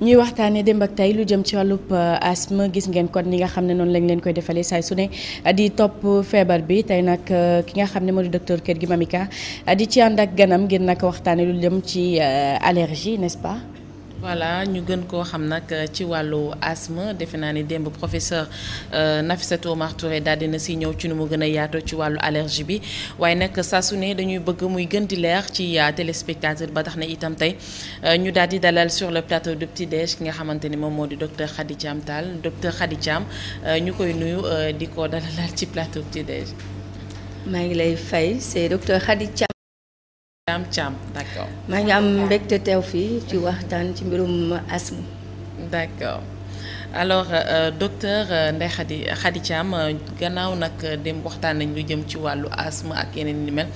ñuy waxtaanee démb ak tey lu jëm ci wàllub euh, asthme gis ngeen kon ni nga xam ne noonu lañ leen koy defalee saay su ne di topp feebar bi tey nag euh, ki nga xam ne moo di docteur Kër gi Mamika di ci ànd ak ganam ngir nag waxtaanee lu jëm ci euh, allergie n'est-ce voilà ñu gën koo xam nag euh, ci wàllu asthme defe naa ne démb professeur euh, Nafissatou Oumar Touré daal dina si ñëw ci nu mu gën a yaatoo ci wàllu allergie bi waaye nag saa su ne dañuy bëgg muy gën di leer ci euh, téléspectateur ba tax na itam tey ñu daal di dalal sur le plateau de Petit Déj ki nga xamante ni moom moo di docteur Khady Thiam Tall docteur Khady ñu koy nuyu di ko dalalal ci plateau Petit Déj. maa ngi lay fay c'est docteur Khady Dame Thiam d'accord. maa ngi am mbégte teew fii ci waxtaan ci mbirum asthme. d'accord alors euh, docteur euh, Ndeye xadi Khady Thiam euh, gannaaw nag euh, dem waxtaan nañ lu jëm ci wàllu asthme ak yeneen ni mel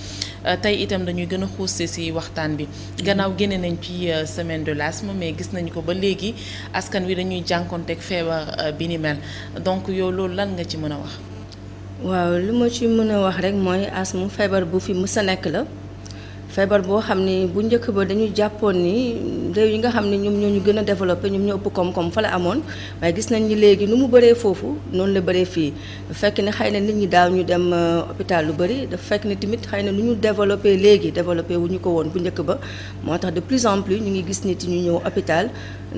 tey itam dañuy gën a xuuse ci waxtaan bi gannaaw génne nañ ci semaine de l'asthme mais gis nañ ko ba léegi askan wi dañuy jànkonteeg feebar bi ni mel donc yow loolu lan nga ci mën a wax. waaw lu ma ci mën wax rek mooy asthme feebar bu fi mës nekk la. feebar boo xam ni bu njëkk ba dañuy jàppoon ni réew yi nga xam ne ñoom ñoo ñu gën a développé ñoom ñoo ëpp koom-koom fa la amoon waaye gis nañ ni léegi nu mu bëree foofu noonu la baree fii fekk ne xëy na nit ñi daaw ñu dem euh, hôpital lu bëri dafa fekk ni tamit xëy na nu ñu développé léegi développé wu ñu ko woon bu njëkk ba moo tax de plus en plus ñu ngi gis nit ñu ñëw hôpital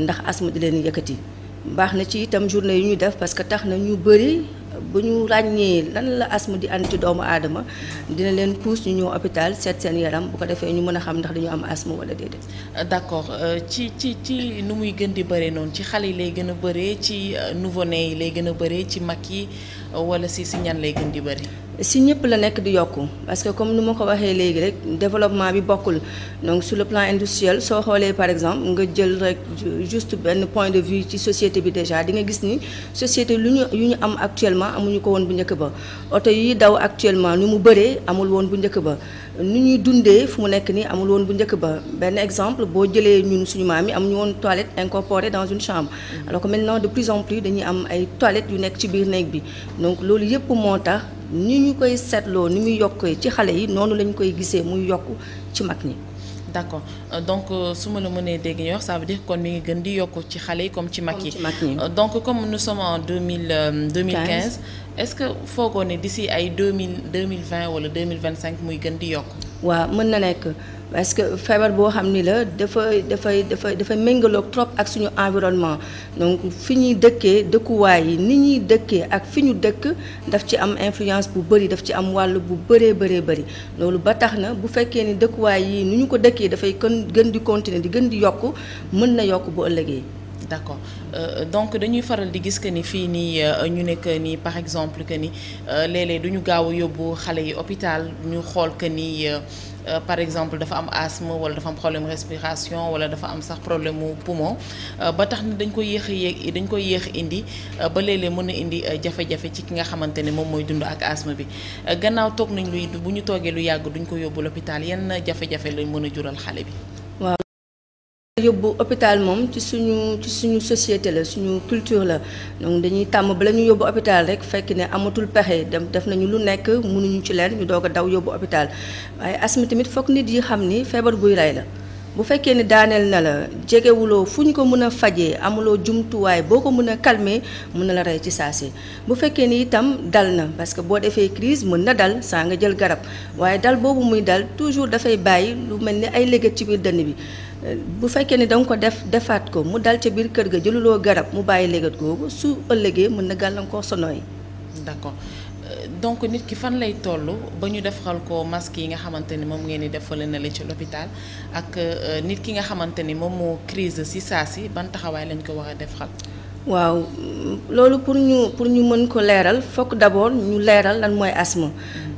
ndax asthme di leen yëkkati baax na ci itam journée yu ñu def parce que tax na ñu bëri ba ñu ràññee lan la asthme di ànd ci doomu aadama dina leen pousse ñu ñëw hôpital seet seen yaram bu ko defee ñu mën a xam ndax dañu am asthme wala déedéet. Euh, d'accord euh, ci ci ci nu muy gën di bëree noonu ci xale yi lay gën a bëree ci euh, nouveau-né yi lay gën a bëree ci mag yi wala si si ñan lay gën di bëri. si ñëpp la nekk di yokku parce que comme ni ma ko waxee léegi rek développement bi bokkul donc su le plan industriel soo xoolee par exemple nga jël rek juste benn point de vue ci société bi déjà di nga gis ni société lu ñu yu ñu am actuellement amuñu ko woon bu njëkk ba oto yi daw actuellement nu mu bëree amul woon bu njëkk ba nu ñuy dundee fu mu nekk nii amul woon bu njëkk ba benn exemple boo jëlee ñun suñu maam yi amuñu woon toilette incorporée dans une chambre mm. alors que de plus en plus dañuy am ay toilettes yu nekk ci biir néeg bi donc loolu yëpp moo tax ni ñu koy seetloo ni muy yokkee ci xale yi noonu lañu koy gisee muy yokk ci mag ñi. d'accord euh, donc euh, su ma la mënee dégg ñu wax ça veut kon mi ngi gën di yokk ci xale yi comme ci mag yi euh, donc comme nous sommes en deux mille deux mille quinze est-ce que foogoo ne d'ici ay deux mille deux mille vingt wala deux mille vingt cinq muy gën di yokk. waaw mën na nekk. parce que feebar boo xam ni la dafay dafay dafay dafay méngaloog trop ak suñu environnement donc fi ñuy dëkkee dëkkuwaay yi ni ñuy dëkkee ak fi ñu dëkk daf ci am influence bu bëri daf ci am wàll bu bëree bëree bari loolu ba tax na bu fekkee ni dëkkuwaay yi ni ñu ko dëkkee dafay kon gën di continuer di gën di yokk mën na yokk bu ëllëgee. d'accord euh, donc dañuy faral di gis que ni fii nii euh, ñu ne que nii par exemple que ni euh, léeg-léeg du gaaw a yóbbu xale yi hôpital ñu xool que nii euh, par exemple dafa am asthme wala dafa am problème respiration wala dafa am sax problème mu poumon ba tax na dañ koy yéex a yéeg dañ koy yéex indi ba léeg mën na indi jafe-jafe ci ki nga xamante ne moom mooy dund ak asthme bi gannaaw toog nañ luy bu ñu toogee lu yàgg duñ ko yóbbu l'hôpital yenn jafe-jafe lañ mën a jural xale bi yóbbu hôpital moom ci suñu suñu société la suñu culture la donc dañuy tàmm bala ñu yóbbu hôpital rek fekk ne amatul pexe dem def nañu lu nekk mënuñu ci leer ñu doog a daw yóbbu hôpital waaye asthme tamit fokk nit yi xam ni feebar buy rey la bu fekkee ne daaneel na la jegewuloo fu ñu ko mën a fajee amuloo jumtuwaay boo ko mën a calmer mën na la rey ci saasi bu fekkee ni itam dal na parce que boo defee crise mën na dal saa nga jël garab waaye dal boobu muy dal toujours dafay bàyyi lu mel ni ay légat ci biir dënn bi bu fekkee ni da nga ko def defaat ko mu dal ca biir kër ga jëluloo garab mu bàyyi légat googu su ëllëgee mën na gàllankoor sono yi. d'accord euh, donc nit ki fan lay toll ba ñu defaral ko masque yi nga xamante ni moom ngeen di def fële na la ci l'hôpital ak euh, nit ki nga xamante ni moom moo crise si saa si ban taxawaay lañ ko war a defaral. waaw loolu pour ñu pour ñu mën ko leeral fokk d'abord ñu leeral lan mooy asthme.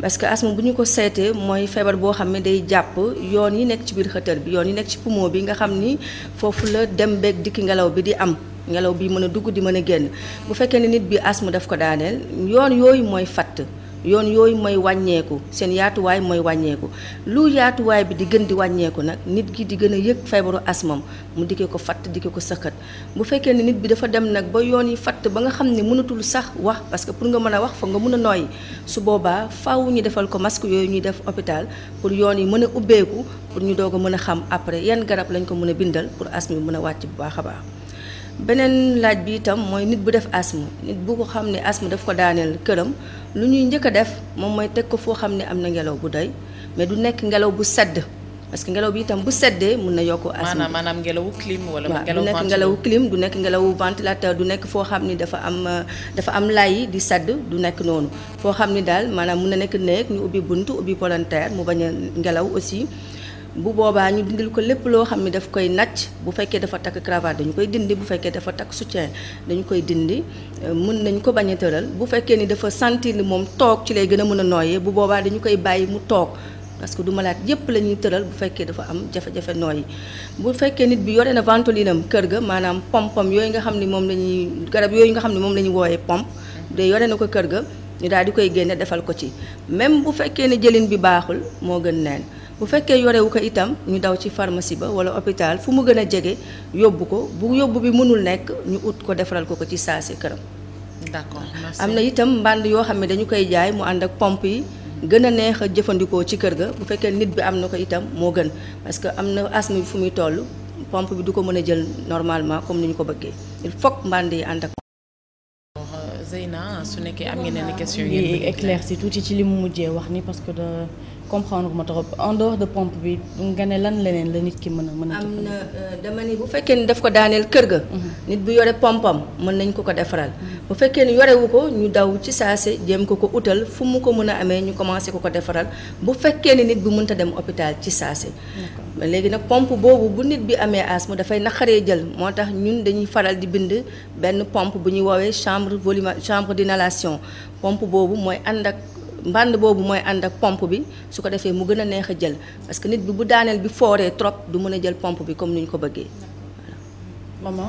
parce que asthme bu ñu ko seetee mooy feebar boo xam ne day jàpp yoon yi nekk ci biir xëtër bi yoon yi nekk ci poumon bi nga xam ni foofu la dem beek dikki ngelaw bi di am ngelaw bi mën a dugg di mën a génn bu fekkee ne nit bi asthme daf ko daaneel yoon yooyu mooy fatt yoon yooyu mooy wàññeeku seen yaatuwaay mooy wàññeeku lu yaatuwaay bi di gën di wàññeeku nag nit ki di gën a yëg feebaru asmam mu dikkee ko fatt dikkee ko sëqat bu fekkee ne nit bi dafa dem nag ba yoon yi fatt ba nga xam ne mënatul sax wax parce que pour nga mën a wax fa nga mën a nooy su boobaa faw ñu defal ko masque yooyu ñuy def hôpital pour yoon yi mën a ubbeeku pour ñu doog a mën a xam après yan garab lañ ko mën a bindal pour asthme bi mën a wàcc bu baax a baax beneen laaj bi itam mooy nit bu def asthme nit bu ko xam ne asthme daf ko daaneel këram lu ñuy njëkk def moom mooy teg ko foo xam ne am na ngelaw bu doy mais du nekk ngelaw bu sedd parce que ngelaw bi itam bu seddee mun na yokk asthme maanaam maanaam ngelawu wala ngelaw du nekk ngelawu clim du nekk ngelawu ventilateur du nekk foo xam ni dafa am dafa am lay di sedd du nekk noonu foo xam ni daal maanaam mun na nekk néeg ñu ubbi bunt ubbi volontaire mu bañ a ngelaw aussi bu boobaa ñu dindil ko lépp loo xam ne daf koy nacc bu fekkee dafa takk cravate dañu koy dindi bu fekkee dafa takk soutien dañu koy dindi euh, mën nañ ko bañ a tëral bu fekkee ni dafa sentir ni moom toog ci lay gën a mën a nooyee bu boobaa dañu koy bàyyi mu toog parce que du malaat yépp la tëral bu fekkee dafa am jafe-jafe nooyi bu fekkee nit bi yore na ventolinam kër ga maanaam pom-pom yooyu nga xam ni moom la ñuy garab yooyu nga xam ne moom la ñuy wooyee pompe de yore na ko kër ga ñu daal di koy génne defal ko ci même bu fekkee ne jëlin bi baaxul moo gën neen bu fekkee yorewu ko itam ñu daw ci pharmacie ba wala hôpital fu mu gën a jege yóbbu ko bu yóbbu bi mënul nekk ñu ut ko defaral ko ko ci saa si këram. d'accord am na itam mbànd yoo xam ne dañu koy jaay mu ànd ak pompe yi. gën a neex a jëfandikoo ci kër ga bu fekkee nit bi am na ko itam moo gën parce que am na asthme bi fu muy toll pompe bi du ko mën a jël normalement comme ni ñu ko bëggee il faut mbànd yi ànd ak. Euh, am ngeen question. tuuti ci li mu mujjee wax ni parce que. comprendre ma trop en dehors de pompe bi nga ne lan leneen la nit ki mën a mën a am euh, dama ni bu fekkee ni daf ko daaneel kër ga mhm. nit bu yore pompam mën nañ ko ko defaral mhm. bu fekkee ni yorewu ko ñu daw ci saase jéem ko ko utal fu mu ko mën a amee ñu commencé ko ko defaral bu fekkee ni nit bi mënta dem hôpital ci saase léegi nag pompe boobu bu nit bi amee asthme dafay naqaree jël moo tax ñun dañuy faral di bind benn pompe bu ñuy woowee chambre volume chambre d'inhalation pompe boobu mooy ànd ak mband boobu mooy ànd ak pompe bi su ko defee mu gën a neex a jël parce que nit bi bu daaneel bi fooree trop du mën a jël pompe bi comme ni ko bëggee voilà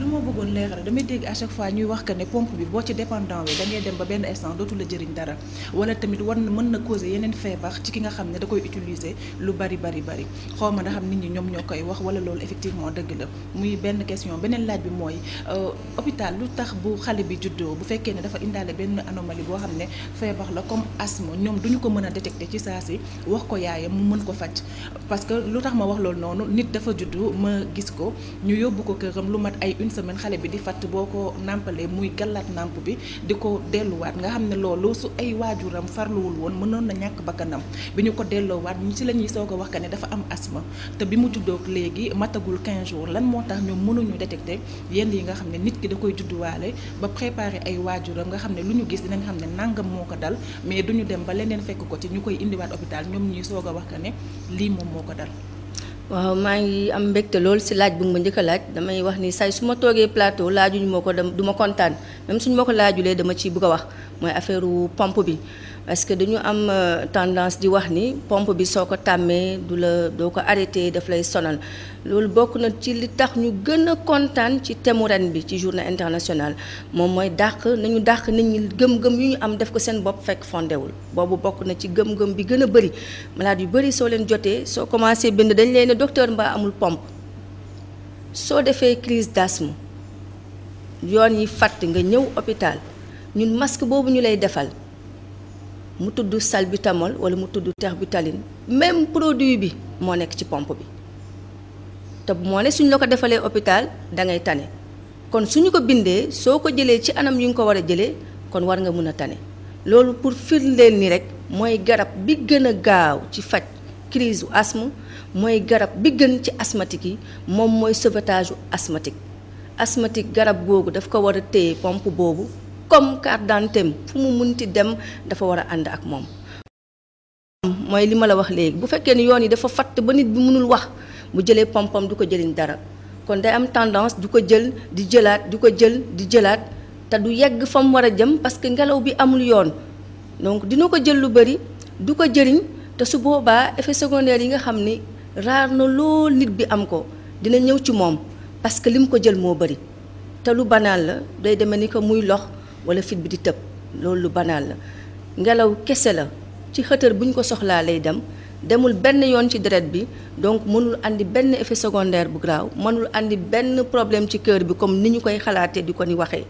lu ma bëggoon leeral damay dégg à chaque fois ñuy wax que ne pompe bi boo ci dépendant wi da ngay dem ba benn instant dootu la jëriñ dara wala tamit war na mën na causer yeneen feebar ci ki nga xam ne da koy utiliser lu bari bari bari xaw ma nga xam nit ñi ñoom ñoo koy wax wala loolu effectivement dëgg la muy benn question beneen laaj bi mooy euh, hôpital lu tax bu xale bi juddoo bu fekkee ne dafa indaale benn anomalie boo xam ne feebar la comme asthme ñoom duñu ko mën a détecter ci saa si wax ko yaayam mu mën ko faj parce que lu tax ma wax loolu noonu nit dafa juddu ma gis ko ñu yóbbu ko këram lu mat ay semaine xale bi di fatt boo ko nàmpalee muy gàllaat nàmp bi di ko delluwaat nga xam ne loolu su ay waajuram farluwul woon mënoon na ñàkk bakkanam bi ñu ko delloowaat ñu ci la ñuy soog a wax que ne dafa am asma te bi mu juddoog léegi matagul 15 jours lan moo tax ñoom mënuñu détecter yenn yi nga xam ne nit ki da koy judduwaale ba préparer ay waajuram nga xam ne lu ñu gis dinañ xam ne nangam moo ko dal mais duñu dem ba leneen fekk ko ci ñu koy indiwaat hôpital ñoom ñuy soog a wax que ne lii moom moo ko dal waaw maa ngi am mbégte loolu si laaj bu nga ma njëkk a laaj damay wax ni say su ma toogee plateau laajuñu ma ko dem du ma kontaan même suñu ma ko laajulee dama ciy bugg a wax mooy affaire pomp bi parce que dañu am euh, tendance di wax ni pompe bi soo ko tàmmee du la doo ko arrêté daf lay sonal loolu bokk na ci li tax ñu gën a kontaan ci temu bi ci journée internationale moom mooy dàq nañu dàq nit ñi gëm-gëm yu ñu am def ko seen bopp fekk fondewul boobu bokk na ci gëm-gëm bi gën a bëri malade yu bëri soo leen jotee soo commencé bind dañu leen ne docteur mbaa amul pompe soo defee crise d'asthme yoon yi fàtt nga ñëw hôpital ñun masque boobu ñu lay defal mu tudd salbutamol wala mu tudd terbutaline même produit bi moo nekk ci pompe bi te moo ne suñ la ko defalee hôpital da ngay tane kon suñu ko bindee soo ko jëlee ci anam yu nga ko war a jëlee kon war nga mun a tane loolu pour firndeel ni rek mooy garab bi gën a gaaw ci faj crise asm mooy garab bi gën ci asthmatique yi moom mooy sauvetage u asthmatique garab googu daf ko war a téye pompe boobu comme carte fu mu munti dem dafa war a ànd ak moom mooy li ma la wax léegi bu fekkee ni yoon yi dafa fatt ba nit bi mënul wax bu jëlee pompom du ko jëliñ dara kon day am tendance du ko jël di jëlaat du ko jël di jëlaat te du yegg fa mu war a jëm parce que ngelaw bi amul yoon donc dina ko jël lu bëri du ko jëriñ te su boobaa effet secondaire yi nga xam ni raar na lool nit bi am ko dina ñëw ci moom parce que lim ko jël moo bëri te lu banal la day demee ni ko muy lox wala fit bi di tëb loolu banaan la ngelaw kese la ci xëtër bu ñu ko soxlaa lay dem demul benn yoon ci deret bi donc mënul andi benn effet secondaire bu graaw mënul àndi benn problème ci kër bi comme ni ñu koy xalaatee di ko ni waxee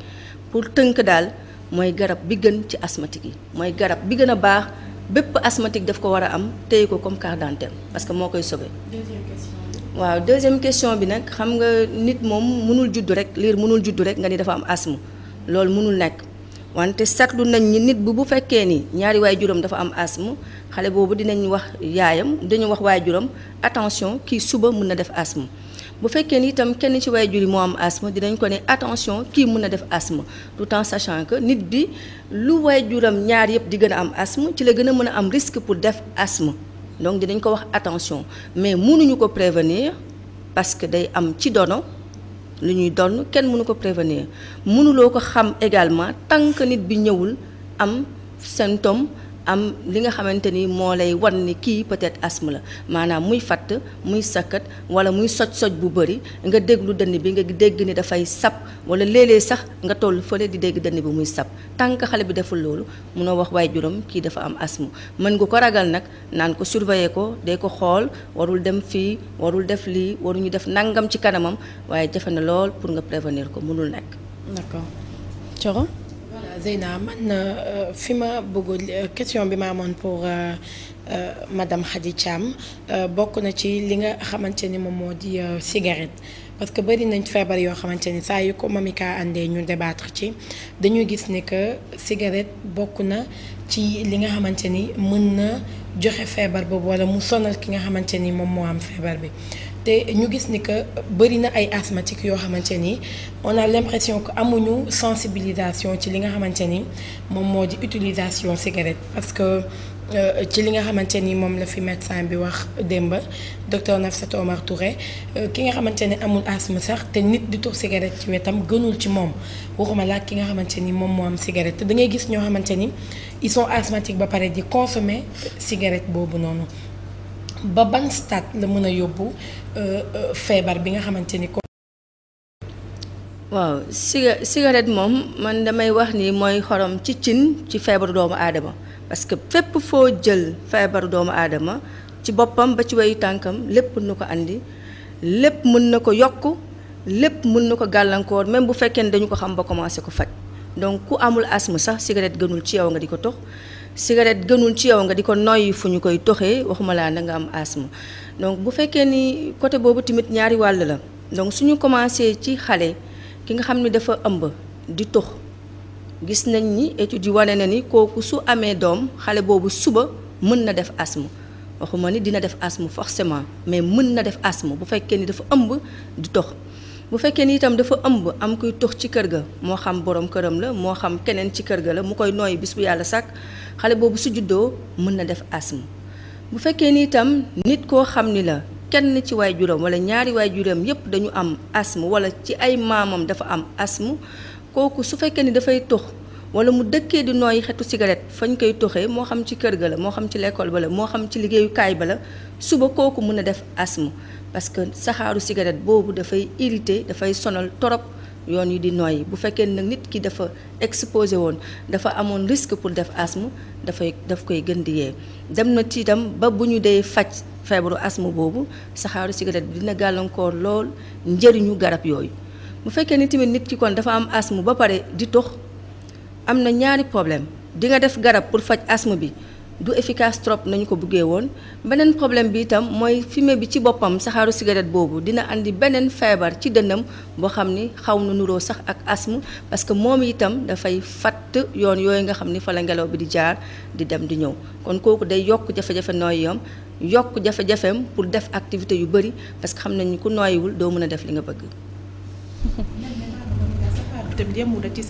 pour tënk daal mooy garab bi gën ci asthmatique yi mooy garab bi gën a baax bépp asthmatique daf ko war a am téye ko comme carte dentaire parce que moo koy sauvé. waaw deuxième question bi nag xam nga nit moom mënul juddu rek liir mënul juddu rek nga ni dafa am asthme. loolu mënul nekk wante seetlu nañ ni nit bu bu fekkee ni ñaari waay juróom dafa am asthme xale boobu dinañ wax yaayam dañu wax waaye juróom attention kii suba mun na def asthme bu fekkee ni itam kenn ci waaye jur yi moo am asthme dinañ ko ne attention kii mun na def asthme tout temps sachant que nit bi lu waaye juróom ñaar yëpp di gën a am asthme ci la gën a mën a am risque pour def asthme donc dinañ ko wax attention mais munuñu ko prévenir parce que day am ci dono li ñuy donn kenn mënu ko prévenir mënuloo ko xam également tant que nit bi ñëwul am symptôme am li nga xamante ni moo lay wan ni kii peut-être asthme la maanaam muy fatt muy sakkat wala muy soj-soj bu bëri nga déglu dënn bi nga dégg ni dafay sab wala léeg-léeg sax nga toll fële di dégg dënn bi muy sab tant que xale bi deful loolu munoo wax waaye juróom kii dafa am asthme mën nga ko ragal nag naan ko surveiller ko dee ko xool warul dem fii warul def lii waruñu def nangam ci kanamam waaye jafe na lool pour nga prévenir ko mënul nekk. d'accord Zeyna man euh, fi ma bëgg euh, question bi ma amoon pour euh, madame Khady Thiam bokk na ci li nga xamante ni moom moo di cigarette parce que bari nañ feebar yoo xamante ni saa yu ko mamika àndee ñu débattre ci dañuy gis ne que cigarette bokk na ci li nga xamante ni mën na joxe feebar boobu walla mu sonal ki nga xamante ni moom moo am feebar bi. te ñu gis ni que bëri na ay asthmatiques yoo xamante nii on a amuñu sensibilisation ci li nga xamante ni moom moo di utilisation cigarette parce que euh, ci li nga xamante nii moom la fi médecin bi wax démb docteur Nafsat Omar Touré euh, ki nga xamante ni amul asthme sax te nit di tux cigarette ci wetam gënul ci moom waxuma laa ki nga xamante ni moom moo am cigarette te da gis ñoo xamante ni ils sont asthmatiques ba pare di consommer cigarette boobu noonu. ba ban stade la mën a yóbbu euh, euh, feebar bi nga xamante ni ko waaw siga cigarette moom man damay wax ni mooy xorom ci cin ci feebaru doomu aadama parce que fépp foo jël feebaru doomu aadama ci boppam ba ci wayu tànkam lépp mën na ko indi lépp mën na ko yokk lépp mun na ko gàllankoor même bu fekkee ne dañu ko xam ba commencé ko faj donc ku amul asthme sax cigarette gënul ci yow nga di ko tox cigarette gënul ci yow nga di ko noyyi fu ñu koy toxee waxuma laa na nga am asma donc bu fekkee ni côté boobu tamit ñaari wàll la donc su ñu commencé ci xale ki nga xam ni dafa ëmb di tox gis nañ ni études yi wane na ni kooku su amee doom xale boobu suba mën na def asthme waxuma ni dina def asthme forcément mais mën na def asthme bu fekkee ni dafa ëmb di tox bu fekkee ni itam dafa ëmb am kuy tux ci kër ga moo xam borom këram la moo xam keneen ci kër ga la mu koy nooy bis yàlla sàkk xale boobu su juddoo mën na def asthme bu fekkee ni itam nit koo xam ni la kenn ci waay juróom wala ñaari waay juróom yépp dañu am asthme wala ci ay maamam dafa am asthme kooku su fekkee ni dafay tux wala mu dëkkee di nooy xetu cigarette fañ koy tuxee moo xam ci kër ga la moo xam ci l'école ba la moo xam ci liggéeyukaay ba la suba kooku mën a def asmu parce que saxaaru cigarette boobu dafay irrité dafay sonal torop yoon yi di noyyi bu fekkee nag nit ki dafa exposé woon dafa amoon risque pour def asthme dafay daf koy gën di yee dem na ci itam ba bu ñu dee faj feebaru asma boobu saxaaru cigarette bi dina gàllankoor lool njëriñu garab yooyu. bu fekkee ni tamit nit ki kon dafa am asthme ba pare di tox am na ñaari problème dinga def garab pour faj asma bi. du efficase trop nañu ko buggee woon beneen problème bi itam mooy fumée bi ci boppam saxaaru cigarette boobu dina indi beneen feebar ci dënnam boo xam ni xaw na nuroo sax ak asthme parce que moom itam dafay fatt yoon yooyu nga xam ni fa ngelaw bi di jaar di dem di ñëw kon kooku day yokk jafe-jafe nooy yam yokk jafe-jafeem pour def activité yu bëri parce que xam nañu ku nooyiwul doo mën a def li nga bëgg tamit yemul rek ci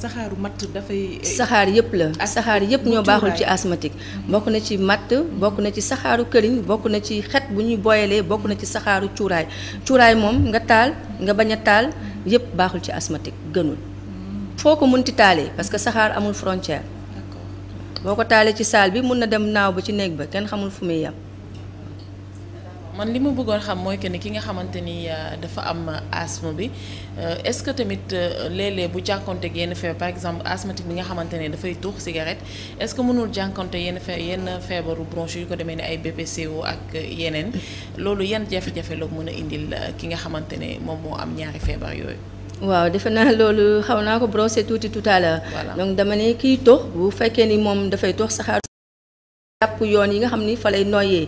saxaaru matt dafay. Eh, saxaar yëpp la saxaar yëpp ñoo baaxul ci asthmatique. bokk na ci matt bokk na ci saxaaru këriñ bokk na ci xet bu ñuy boyalee bokk na ci saxaaru cuuraay cuuraay moom nga taal nga bañ a taal yëpp baaxul ci asmatik gënul. foo ko mënti taalee parce que saxaar amul frontière. boo ko taalee ci saal bi mun na dem naaw ba ci néeg ba kenn xamul fu muy yem. man li ma bëggoon xam mooy que ni ki nga xamante ni euh, dafa am asthme bi euh, est-ce que tamit euh, léeg-léeg bu jànkonte yenn feebar par exemple asthmatique bi nga xamante ne dafay tuux cigarette est-ce que mënul jànkonte yenn fee yenn feebaru bronche yu ko demee ni ay BPCO ak yeneen loolu yan jafe-jafe la mën a indil ki nga xamante ne moom moo am ñaari feebar yooyu. waaw defe naa loolu xaw naa ko brosser tuuti tout à l'heure. donc dama ne kiy tox bu fekkee ni moom dafay tox saxaar jàpp yoon yi nga xam ni fa lay noyyee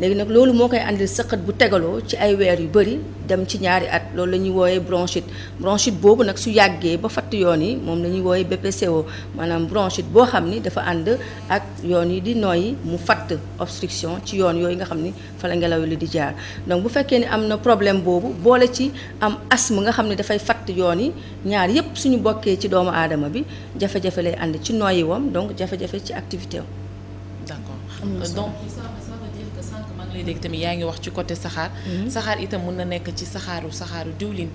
léegi nag loolu moo koy andil sëqat bu tegaloo ci ay weer yu bëri dem ci ñaari at loolu la ñuy wooyee bronchite bronchite boobu nag su yàggee ba fatt yoon yi moom la ñuy wooyee BPCO maanaam bronchite boo xam ni dafa ànd ak yoon yi di noyyi mu fatt obstruction ci yoon yooyu nga xam ni fa la ngelaw li di jaar donc bu fekkee ni am na problème boobu boole ci am asthme nga xam ne dafay fatt yoon yi ñaar yépp suñu bokkee ci doomu aadama bi jafe-jafe lay ànd ci noyyi wam donc jafe-jafe ci activité donc maa ngi lay yaa ngi wax ci côté saxaar mhm. saxaar itam mën na nekk ci saxaaru saxaaru diwlin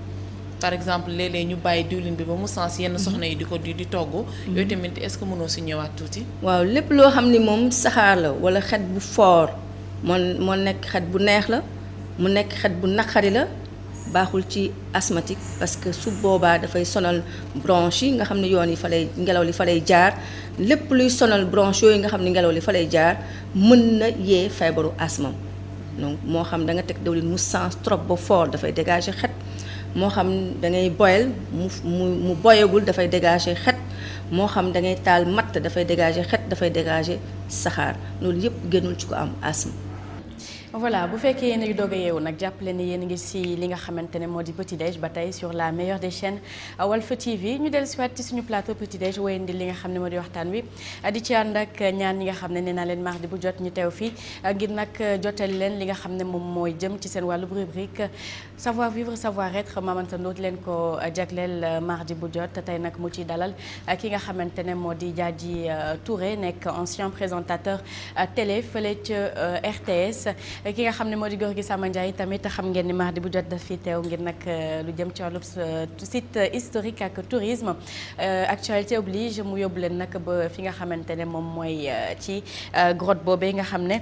par exemple léeg-léeg ñu bàyyi diwlin bi ba mu sens yenn mhm. soxna yi di ko di di togg mhm. yooyu tamit est-ce que mënoo si ñëwaat tuuti waaw lépp loo xam ni moom saxaar la wala xet bu foor moo moo nekk xet bu neex la mu nekk xet bu naqari la baaxul ci asthmatique parce que su boobaa dafay sonal bronche yi nga xam ne yoon yi fa lay ngelaw li fa lay jaar lépp luy sonal bronche yooyu nga xam ni ngelaw li fa lay jaar mën na yee feebaru asthme donc moo xam da nga teg diwlin mu sens trop ba fort dafay dégager xet moo xam da ngay boyal mu mu boyagul dafay dégager xet moo xam da taal matt dafay dégager xet dafay dégager saxaar loolu yëpp génnul ci ko am asthme. voilà bu fekkee yéen a ngi doog a yeewu nag jàppale ni yéen ngi si li nga xamante ne moo di petit déj ba tey sur la meilleure des chaînes euh, Walf TV ñu dellu siwaat ci suñu plateau petit déj wéyandi li nga xam ne moo di waxtaan wi euh, di ci ànd ak ñaan ñi nga xam ne ne naa leen mardi bu jot ñu teew fii euh, ngir nag jotal leen li nga xam ne moom mooy jëm ci seen wàllu rubrique savoir vivre savoir être mamantandoo di leen ko jagleel mardi bu jot tey nag mu ciy dalal ki nga xamante ne moo di Diadji Touré nekk ancien présentateur télé fële ca RTS ki nga xam ne moo di góor gi Samba Ndiaye tamit xam ngeen ni mardi bu jot daf fi teew ngir nag euh, lu jëm ci wàllub euh, site historique ak tourisme euh, actualité oblige mu yóbbu leen nag ba fi nga xamante ne moom mooy ci grotte boobee nga xam ne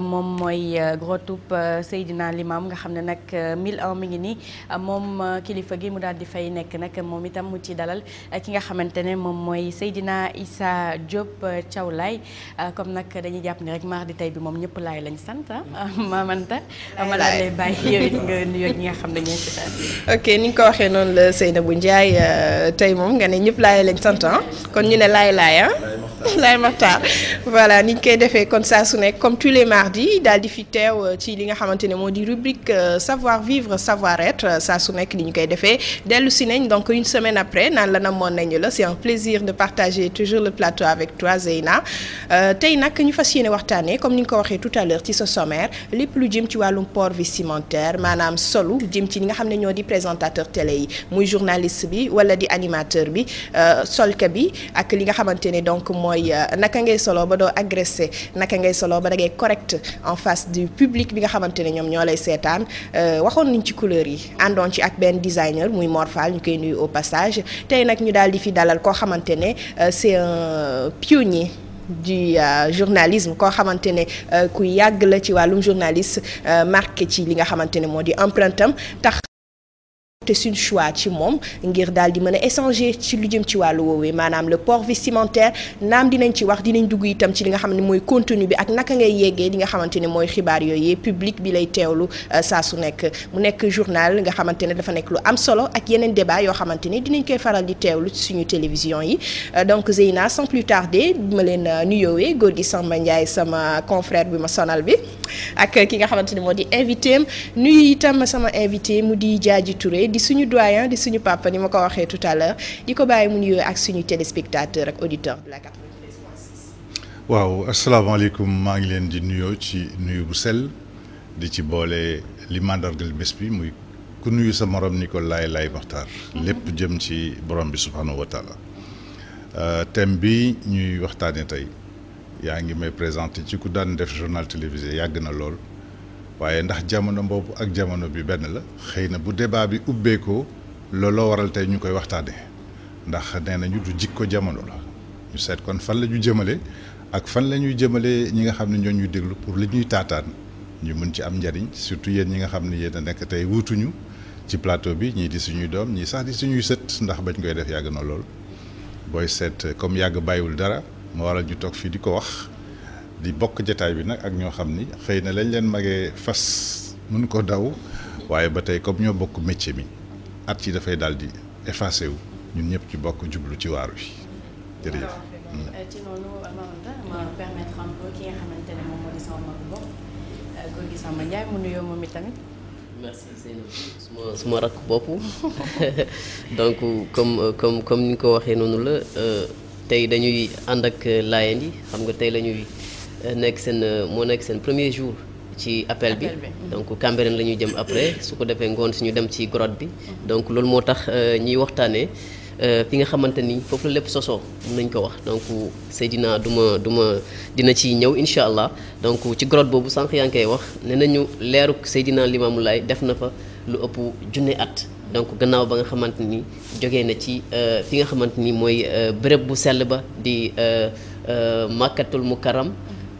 moom mooy grottub Seydina Limam nga xam ne nag 1001 mi ngi nii moom kilifa gi mu daal di fay nekk nag moom itam mu ci dalal ki nga xamante ne moom mooy Seydina Issa Diop Thiaw Laye comme nag dañu jàpp ni rek mardi tey bi moom ñëpp laay lañ sant ah. Mamanta ma daal lay bàyyi yow it nga nuyoo ak ñi nga xam ne ñooy seetaan. ok ni nga ko waxee noonu la Seynabou Ndiaye euh, tey moom nga ne ñëpp laay lañ sant ah. kon ñu ne laay laay ah. laay Maxtaar voilà ni ñu koy defee kon saa su nekk comme tous les mardis daal di fi teew euh, ci li nga xamante ne moo di rubrique euh, savoir vivre savoir être saa su nekk ni ñu koy defee dellu si nañ donc une semaine après naan la namoon nañu la c'est un plaisir de partager toujours le plateau avec toi Zeyna tey nag lépp lu jëm ci wàllum port maanaam solu jim ci ñi nga xam ne ñoo di présentateur télé yi muy journaliste bi wala di animateur bi euh, solka bi ak li nga xamante ne donc mooy euh, naka ngay solo ba doo agressé naka ngay solo ba da correct en face du public bi nga xamante ne ñoom ñoo lay seetaan euh, waxoon nañ ci couleur yi àndoon ci ak benn designer muy Morphal ñu koy nuyu au passage tey nag ñu daal di fi dalal koo xamante ne c'est un pionnier du euh, journalisme koo xamante ne euh, ku yàgg la ci wàllum journaliste euh, marqué ci li nga xamante ne moo di empreinte am tax te suñ choix ci moom ngir daal di mën a échanger ci lu jëm ci wàllu woowee maanaam le port vestimentaire naam dinañ ci wax dinañ dugg itam ci li nga xam ne mooy contenu bi ak naka ngay yeggee li nga xamante ne mooy xibaar yooyu public bi lay teewlu euh, saa su nekk mu nekk journal nga xamante ne dafa nekk lu am solo ak yeneen débat yoo xamante ne dinañ koy faral di teewlu ci suñu télévision yi euh, donc Zeyna sans plus tarder bi ma leen euh, nuyoowee góor gi Samba Ndiaye sama confrère bi ma sonal bi ak ki nga xamante ne moo di invité am nuyu itam sama invité mu di Diadji Touré di suñu doyen di suñu pàppa ni ma ko waxee tout à l'heure di ko bàyyi mu nuyoo ak suñu téléspectateur ak auditeur de la waaw asalaamaaleykum maa ngi leen di nuyoo ci nuyu bu sel di ci boole li màndargal bés bi muy ku nuyu sa morom ni ko laay laay waxtaar mhm. lépp jëm ci borom bi subhaanahu wa taala euh, thème bi ñuy waxtaane tey yaa ngi may présente ci ku daan def journal télévisé yàgg na lool waaye ndax jamono boobu ak jamono bi benn la xëy na bu débat bi ubbeekoo looloo waral tey ñu koy waxtaanee ndax nee nañu du ko jamono la ñu seet kon fan la ñu jëmale ak fan la ñuy jëmale ñi nga xam ne ñoo ñuy déglu pour li ñuy taataan ñu mun ci am njariñ surtout yéen ñi nga xam ne yéen a nekk tey wuutuñu ci plateau bi ñii di suñuy doom ñii sax di suñuy sët ndax bañ koy def yàgg na lool booy seet comme yàgg bàyyiwul dara moo waral ñu toog fii di ko wax. di bokk jataay bi nag ak ñoo xam ni xëy na lañ leen magee fas mun koo daw waaye ba tey comme ñoo bokk métier mi at yi dafay daal di effacé wu ñun ñëpp ci bokk jublu ci waar wi jërëjëf. Euh, mm. ma euh, rakk bopp donc comme euh, comme comme ni nga ko waxee noonu la tey dañuy ànd ak laayeen xam nga tey la Euh, nekk seen euh, moo nekk seen premier jour ci appel bi mhm. donc Cambérène la ñuy jëm après su ko defee ngoon si ñu dem ci grotte bi mhm. donc loolu moo tax euh, ñuy waxtaanee fi nga xamante ni foofu la lépp sosoo mun nañ ko wax donc Seydina du ma du ma dina ci ñëw incha allah donc ci grotte boobu sànq yaa ngi koy wax nee nañu leeruk Seydina Limaamu Laay def na fa lu ëpp junne at donc gannaaw ba nga xamante ni jógee na ci fi nga xamante ni mooy bërëb bu sell ba di mu mukarram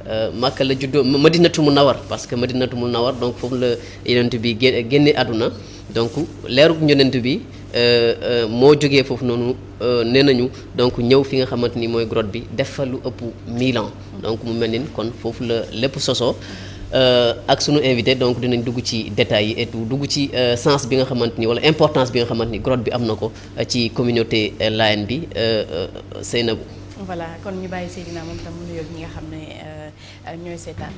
Euh, Màkka la juddoo Madinatu Munawwar parce que Madinatu Munawwar donc foofu la yonent bi génne àdduna donc leerug yonent bi euh, euh, moo jógee foofu noonu nee nañu donc ñëw fi nga xamante ni mooy grotte bi def fa lu ëpp 1000 ans donc mu mel ni kon foofu la lépp sosoo ak sunu invité donc dinañ dugg ci détails yi et tout dugg ci sens bi nga xamante ni wala importance bi nga xamante ni grotte bi am na ko ci communauté Layène bi Seynabou. voilà Euh, ñooy seetaan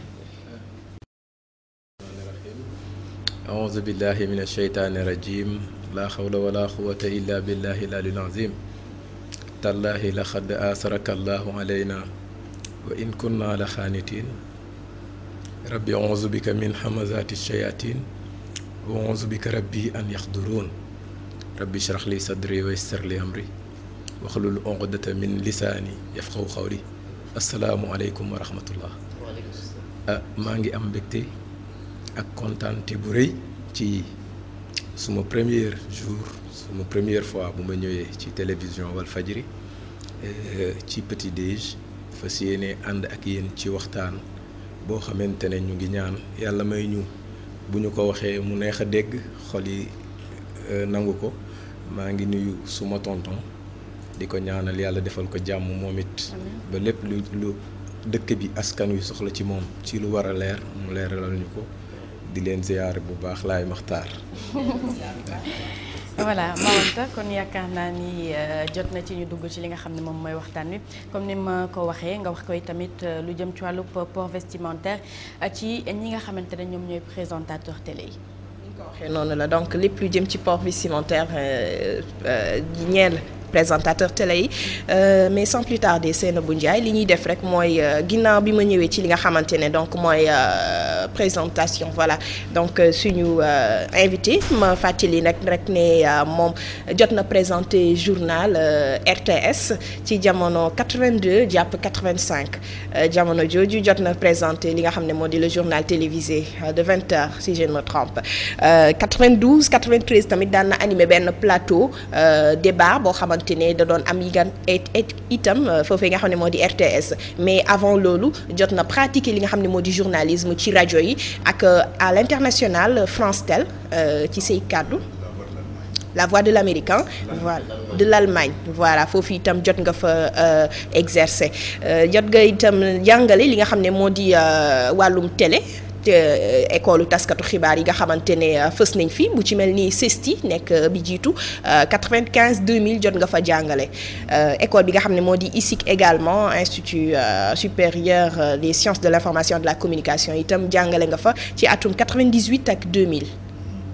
aouzu billahi min asheytaani rajim laa xawla wala quwata illa billahi lalil azim tallaahi laxad asaraka allahu alayna wa in kunna la xaanitiin rabbi aouzu bika min hamazati shayatin wa aouzu bika rabbi an yaxduruun rabbi sharax li sadri wa yassir li amri waxlul uqdata min lisaani yafqahu qawli asalaamualeykum wa rahmatullah ah, maa ngi am mbégte ak kontaante bu rëy ci suma premier jour suma première fois bu ma ñëwee ci télévision Walfadjri eh, ci petit déj fas yéene ànd ak yéen ci waxtaan boo xamante ne ñu ngi ñaan yàlla may ñu bu ñu ko waxee mu neex a dégg xol yi eh, nangu ko maa ngi nuyu suma tonton di ko ñaanal yàlla defal ko jàmm moom it ba lépp lu lu dëkk bi askan wi soxla ci moom ci lu war a leer mu leeralal ñu ko di leen ziyaare bu baax laay maxtaar voilà Mawanta kon yaakaar naa ni euh, jot na ci ñu dugg ci li nga xam ne moom mooy waxtaan wi comme ni ma ko waxee nga wax koy tamit euh, lu jëm ci wàllu port vestimentaire euh, ci ñi nga xamante ne ñoom ñooy présentateur télé yi. ni ko waxee noonu la donc lépp lu jëm ci port vestimentaire ñeel. présentateur télé yi euh, mais sans plus tarder Seynabou Ndiaye li ñuy def rek mooy euh, ginnaaw bi ma ñëwee ci li nga xamante ne donc mooy euh, présentation voilà donc suñu invité ma fàttali nag rek ne moom jot na présenté journal RTS ci jamono 82 jàpp 85 jamono jooju jot na présenté li nga xam ne moo di le journal télévisé de 20 heures si je ne me trompe tamit daan na animé benn plateau débat boo xamante xamante ne da doon am yi gan itam euh, foofee nga xam ne moo di RTS mais avant loolu jot na pratiquer li nga xam ne moo di journalisme ci rajo yi ak euh, à l'international France Tel euh, ci say kàddu la voix de l'américain voilà de l'Allemagne voilà foofu itam jot nga fa exercer jot nga itam jàngale li nga xam ne moo di wàllum télé te eh, école yu taskatu xibaar yi nga xamante ne eh, fës nañ fii bu ci mel ni CESTI nekk eh, bi jiitu deux mille jot nga fa jàngale école bi nga xam ne moo di ISIC également institut supérieur des sciences de l'information et de la communication itam jàngale nga fa ci atum 98 ak 2000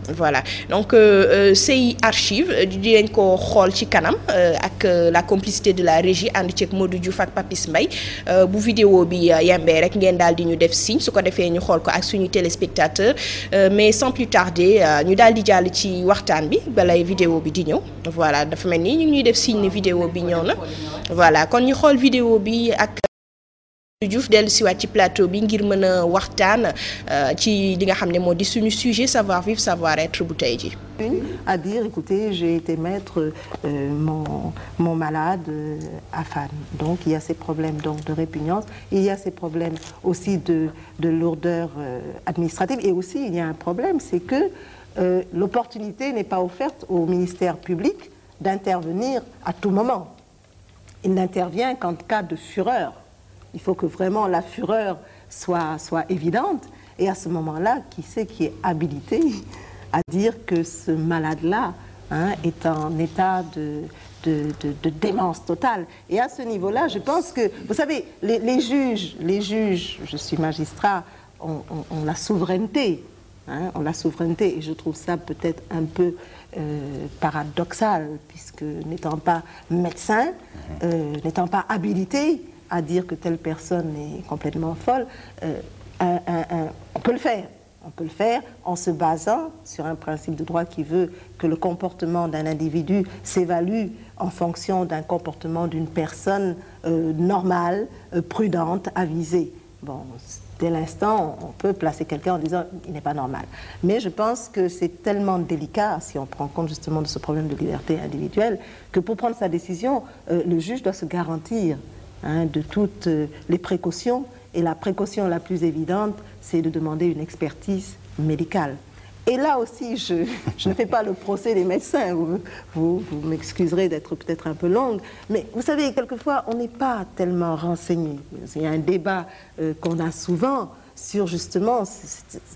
voilà donc euh, euh, CI archive euh, dinañ ko xool ci kanam ak la complicité de la régie ànd ceeg Modou Diouf ak Papis mbay bu vidéo bi yembee rek ngeen daal di ñu def signe su ko defee ñu xool ko ak suñu téléspectateur mais sans plus tarder ñu daal di jàll ci waxtaan bi balay vidéo bi di ñëw voilà dafa mel ni ñu ngi ñuy def signe ne vidéo bi ñëw na voilà kon ñu xool vidéo bi ak Diouf dellu siwaat ci plateau bi ngir mën a waxtaan euh, ci li nga xam ne moo di suñu sujet savoir vivre savoir être bu tey ji à dire écoutez j'ai été mettre euh, mon malade euh, à Fann donc il y a ces problèmes donc de répugnance il y a ces problèmes aussi de de lourdeur euh, administrative et aussi il y a un problème c'est que euh, l'opportunité n'est pas offerte au ministère public d'intervenir à tout moment il n'intervient qu'en cas de fureur Il faut que vraiment la fureur soit, soit évidente. Et à ce moment-là, qui c'est qui est habilité à dire que ce malade-là est en état de, démence totale. Et à ce niveau-là, je pense que, vous savez, les, les, juges, les juges, je suis magistrat, ont, ont, ont la souveraineté. et je trouve ça peut-être un peu euh, paradoxal, puisque n'étant pas médecin, mhm. euh, n'étant pas habilité, à dire que telle personne est complètement folle, euh, un, un, un, on peut le faire. en se basant sur un principe de droit qui veut que le comportement d'un individu s'évalue en fonction d'un comportement d'une personne euh, normale, euh, prudente, avisée. Bon, dès l'instant, on peut placer quelqu'un en disant il n'est pas normal. Mais je pense que c'est tellement délicat, si on prend compte justement de ce problème de liberté individuelle, que pour prendre sa décision, euh, le juge doit se garantir hein, de toutes euh, les précautions. Et la précaution la plus évidente, c'est de demander une expertise médicale. Et là aussi, je, je, ne fais pas le procès des médecins, vous, vous, vous m'excuserez d'être peut-être un peu longue, mais vous savez, quelquefois, on n'est pas tellement renseigné. Il y a un débat euh, qu'on a souvent sur justement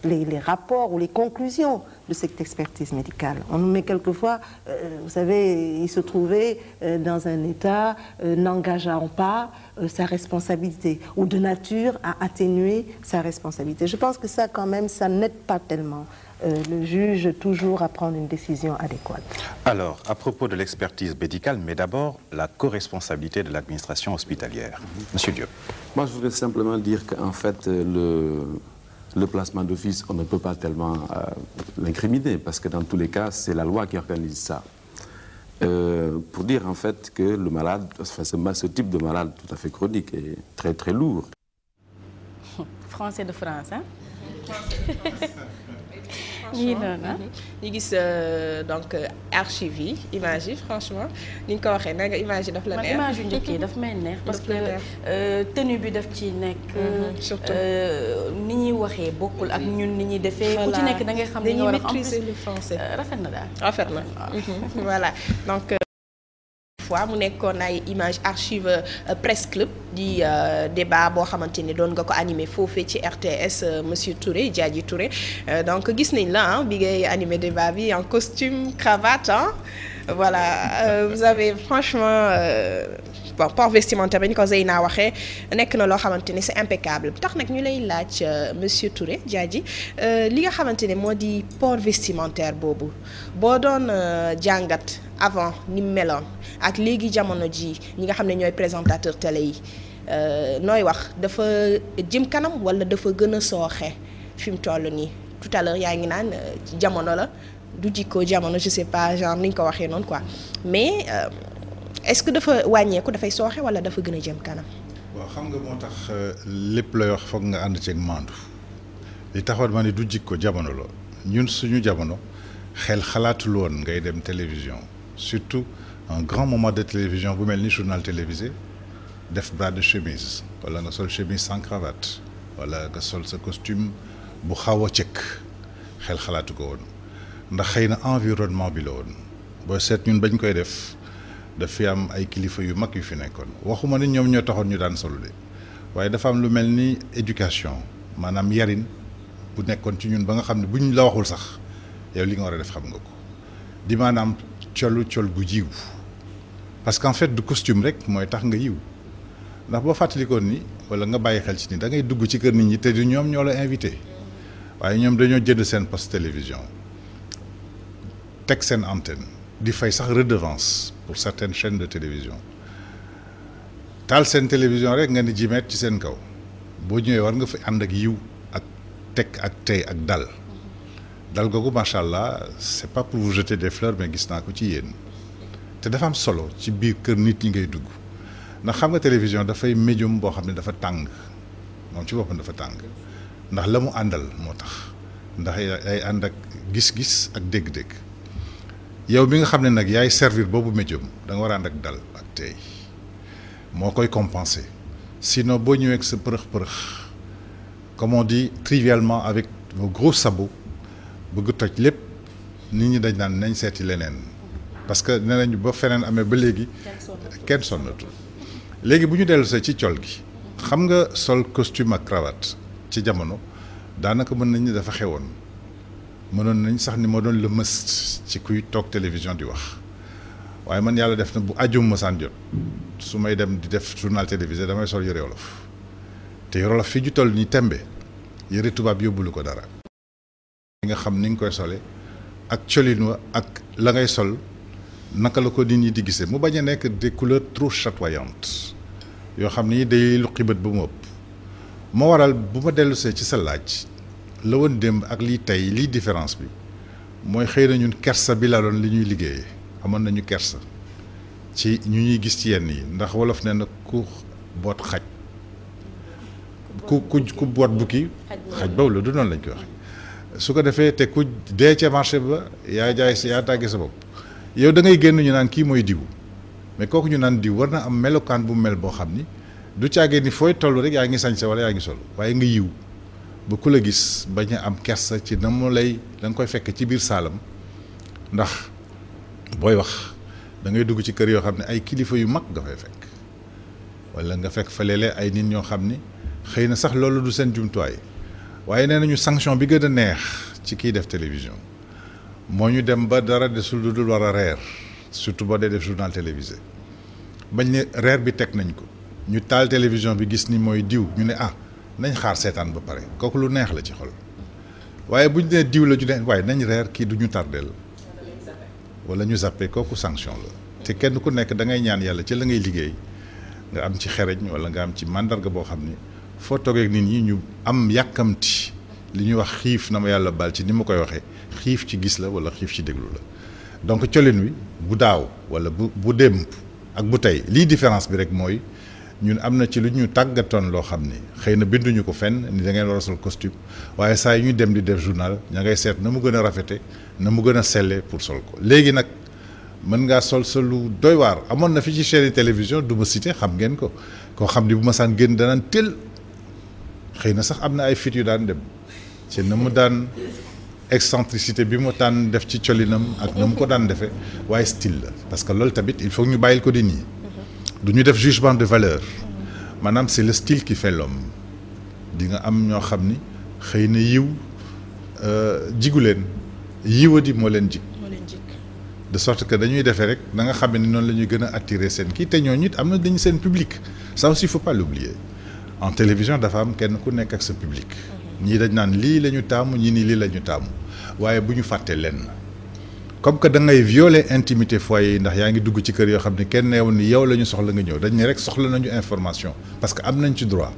les, rapports ou les conclusions de cette expertise médicale. On nous met quelquefois, euh, vous savez, il se trouvait euh, dans un état euh, n'engageant pas euh, sa responsabilité ou de nature à atténuer sa responsabilité. Je pense que ça, quand même, ça n'aide pas tellement. Euh, le juge toujours à prendre une décision adéquate. Alors, à propos de l'expertise médicale, mais d'abord la corresponsabilité de l'administration hospitalière. Mm-hmm. Monsieur Dieu. je voudrais simplement dire qu'en fait, le, le placement d'office, on ne peut pas tellement euh, l'incriminer parce que dans tous les cas, c'est la loi qui organise ça. Euh, pour dire en fait que le malade, enfin, ce, type de malade tout à fait chronique est très très lourd. Français de France, ñii noonu mhm. ñu gis euh, donc euh, archives yi images yi franchement ni nga ko waxee na nga image daf la neex. man image yu njëkk yi daf may neex. parce que euh, tenue bi daf ci nekk. Mhm, surtout ni ñuy waxee bokkul ak ñun ni ñuy defee. ku ci nekk da ngay xam ni nga war a. en rafet na daal rafet na voilà mhm. donc. fois mu nekkoon ay image archive euh, presse club di euh, débat boo xamante ni doon nga ko animé foofee ci RTS euh, monsieur Touré Diadji Touré donc gis nañ la bi ngay animé débat bi en costume cravate voilà vous avez franchement. port vestimentaire bi ni ko naa waxee nekk na loo xamante ni c'est impeccable tax nag ñu lay laaj euh, monsieur Touré Diadji euh, li nga xamante ne moo di port vestimentaire boobu boo doon euh, jàngat avant ni meloon ak léegi jamono ji ñi nga xam ne ñooy présentateur télé yi nooy wax dafa jëm kanam wala dafa gën a sooxe fi mu toll nii tout à yaa ngi naan jamono la du jikko jamono je sais pas genre ni ñu ko waxee noonu quoi mais. est-ce que dafa wàññeeku dafay sooxe wala dafa gën a jëm kanam. waaw xam nga moo tax euh, lépp lay wax foog nga ànd ceeg maandu li taxoon ma ne du jikko jamono la ñun suñu jamono xel xalaatul woon ngay dem télévision surtout un grand moment de télévision bu mel ni journal télévisé def bras de chemise wala nga sol chemise sans cravate wala nga sol sa costume bu xaw a cëkk xel xalaatu ko woon ndax xëy na environnement bi la woon boo seet ñun bañ koy def. daf fi am ay kilifa yu mag yu fi nekkoon waxuma ni ñoom ñoo taxoon ñu daan solo de waaye dafa am lu mel ni éducation maanaam yarin bu nekkoon ci ñun ba nga xam ne buñ la waxul sax yow li nga war a def xam nga ko di maanaam colu col bu jiw parce qu'en fet du costume rek mooy tax nga yiw ndax boo fàttalikoon ni wala nga bàyyi xel ci ni da ngay dugg ci kër nit ñi te du ñoom ñoo la invité waaye ñoom dañoo jënd seen poste télévision teg seen antenne di fay sax redevance pour certaines chaînes de télévision taal seen télévision rek nga ni jimeet ci seen kaw boo ñëwee war nga fa ànd ak yiw ak teg ak tey ak dal dal ko googu macha allah c'est pas pour vous jeter des fleur mais gis naa ko ci yéen te dafa am solo ci biir kër nit ñi ngay dugg ndax xam nga télévision dafay médium boo xam ne dafa tàng moom ci boppam dafa tàng ndax la mu àndal moo tax ndax ay ànd ak gis-gis ak dégg-dégg yow bi nga xam ne nag yaay servir boobu médium danga nga war a ànd ak dal ak tey moo koy compenser sinon boo ñëwee sa përëx përëx comme di dit trivialement avec vos gros bëgg toj lépp nit ñi dañ naan nañ seeti leneen parce que nañ nañu ba feneen amee ba léegi kenn sonnatul léegi bu ñu dellu see ci col gi xam nga sol costume ak cravate ci jamono daanaka mën nañu dafa xewoon mënoon nañ sax ni ma doon le mës ci kuy toog télévision di wax waaye man yàlla def na bu àjjum masaan jot su may dem di def journal télévisé damay sol yëre wolof te yëre wolof fii ju toll ni tembe yëre tubaab yóbbulu ko dara li nga xam ni ngi koy sole ak colin wa ak la ngay sol naka la ko nit ñi di gisee mu bañ a nekk des couleurs trop chatoyantes yoo xam ni day luqi bët bu mu ëpp moo waral bu ma dellusee ci sa laaj la démb ak lii tey lii différence bi mooy xëy na ñun kersa bi laloon li ñuy liggéeyee amoon nañu kersa ci ñu ñuy gis ci yenn yi ndax wolof nee na ku boot xaj ku ku ku boot bukki xaj baw la du noon lañ koy wax su ko defee te ku dee ca marché ba yaa jaay yaa tàggee sa bopp yow da ngay génn ñu naan kii mooy diw mais kooku ñu naan diw war na am melokaan bu mel boo xam ni du caagee ni fooy toll rek yaa ngi sañ sañse wala yaa ngi sol waaye nga yiw ba ku la gis bañ a am kersa ci na lay da nga koy fekk ci biir saalam ndax booy wax dangay dugg ci kër yoo xam ne ay kilifa yu mag nga fay fekk wala nga fekk fa léeg ay nit ñoo xam ni xëy na sax loolu du seen jumtuwaay waaye nee nañu sanction bi gën a neex ci kiy def télévision moo ñu dem ba dara desul lu dul war a reer surtout boo dee def journal télévisé bañ ne reer bi teg nañ ko ñu taal télévision bi gis ni mooy diw ñu ne ah nañ xaar seetaan ba pare kooku lu neex la ci xol waaye bu ñu nee diw la ñu ne waaye nañ reer kii du ñu tardeel wala ñu zappé kooku sanction la te kenn ku nekk da ngay ñaan yàlla ci la ngay liggéey nga am ci xereñ wala nga am ci màndarga boo xam ni foo toogee nit ñi ñu am yàkkamti li ñuy wax xiif na ma yàlla baal ci ni ma koy waxee xiif ci gis la wala xiif ci déglu la donc colin wi bu daaw wala bu bu démb ak bu tey lii différence bi rek mooy ñun am na ci lu ñu tàggatoon loo xam ni xëy na binduñu ko fen ni da ngeen war a sol costume waaye saa yu ñu dem di def journal ña ngay seet na mu gën a rafete na mu gën a selle pour sol ko léegi nag mën ngaa sol sa lu doy waar amoon na fi ci chaîne télévision du ma xam ngeen ko koo xam ni bu ma saan génn danaan tel xëy na sax am na ay fit yu daan dem ci na mu daan excentricité bi mu daan def ci colinam ak na mu ko daan defee waaye style la parce que loolu tamit il faut ñu bàyyil ko di du ñu def jugement de valeur maanaam c'est le style qui fait l'homme di nga am ñoo xam ni xëy na yiw euh, jigu leen yiwa di moo leen jig de sorte que dañuy defee rek na nga xam ne noonu la ñuy gën a attirer seen kii te ñooñu it am na dañu seen public ça aussi il faut pas l'oublier en télévision dafa am kenn ku nekk ak sa public mhm. ñii dañ naan lii la ñu taamu ñii nii lii la ñu taamu waaye bu ñu fàttee lenn comme que da ngay violer intimité foyer yi ndax yaa ngi dugg ci kër yoo xam ne kenn neewul ni yow la soxla nga ñëw dañ ne soxla nañu information parce que am nañ ci droit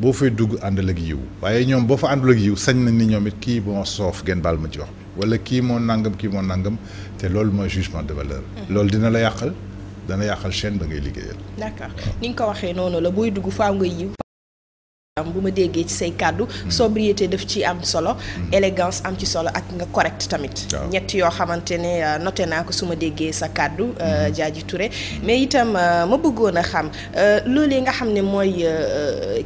boo fay dugg àndal ak yiw waaye ñoom boo fa àndul ak yiw sañ nañ ni ñoom it kii moo soof ngeen baal ma ci wax bi wala kii moo nangam kii moo nangam te loolu mooy jugement de valeur. Mm-hmm. loolu dina la yàqal dana yàqal chaîne ba ngay liggéeyal. d'accord ni nga ko waxee noonu la booy dugg faaw nga yiw. bu ma déggee ci say kàddu hmm. sobriété daf ci am solo hmm. élégance am ci solo ak nga correct tamit ñett yoo xamante ne euh, noté naa ko su ma déggee sa kàddu euh, hmm. jaaji ture mais itam euh, ma bëggoon a xam loolee nga xam ne mooy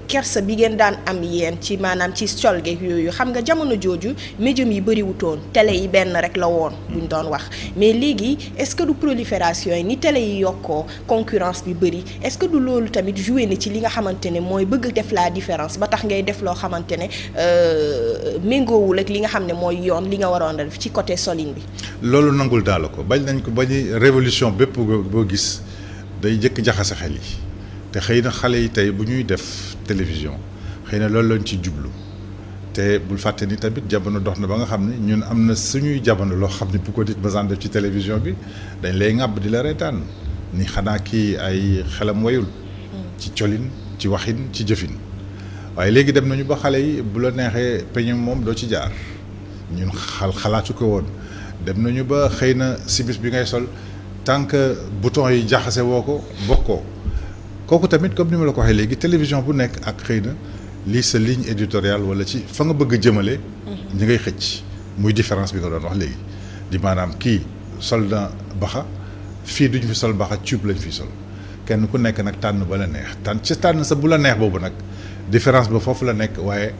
kersa bi ngeen daan am yéen ci maanaam ci colgeeg yooyu xam nga jamono jooju médium yi bëriwutoon télé yi benn rek la woon buñ doon wax mais léegi est-ce que du prolifération yi ni télé yi yokkoo concurrence bi bëri est-ce du loolu tamit joué na ci li nga xamante ne mooy bëgg def tolérance ba tax ngay def loo xamante ne euh, méngoowul ak li nga xam ne mooy yoon li nga waroon a def ci côté soline bi. loolu nangul daal ko bañ nañ ko bañ révolution bépp boo gis day jëkk jaxase xel yi te xëy na xale yi tey bu ñuy def télévision xëy na loolu lañ ci jublu. te bul fàtte ni tamit jamono dox na ba nga xam ne ñun am na suñuy jamono loo xam ne bu ko dit masaan def ci télévision bi dañ lay ŋàbb di la reetaan ni xanaa kii ay xelam wayul mm. ci colin ci waxin ci jëfin waaye léegi dem nañu ba xale yi bu la neexee peñe moom doo ci jaar ñun xal xalaatu ko woon dem nañu ba xëy na sibis bi ngay sol tant que bouton yi jaxase woo ko bokkoo kooku tamit comme ni ma la ko waxee léegi télévision bu nekk ak xëy na lii sa ligne éditoriale wala ci fa nga bëgg jëmale. Mm-hmm. ñi ngay xëcc muy différence bi nga doon wax léegi di maanaam kii sol na baxa fii duñ fi sol baxa cuub lañ fi sol kenn ku nekk nag tànn ba neex tànn ci tànn sax bu neex boobu nag différence ba foofu la nekk waaye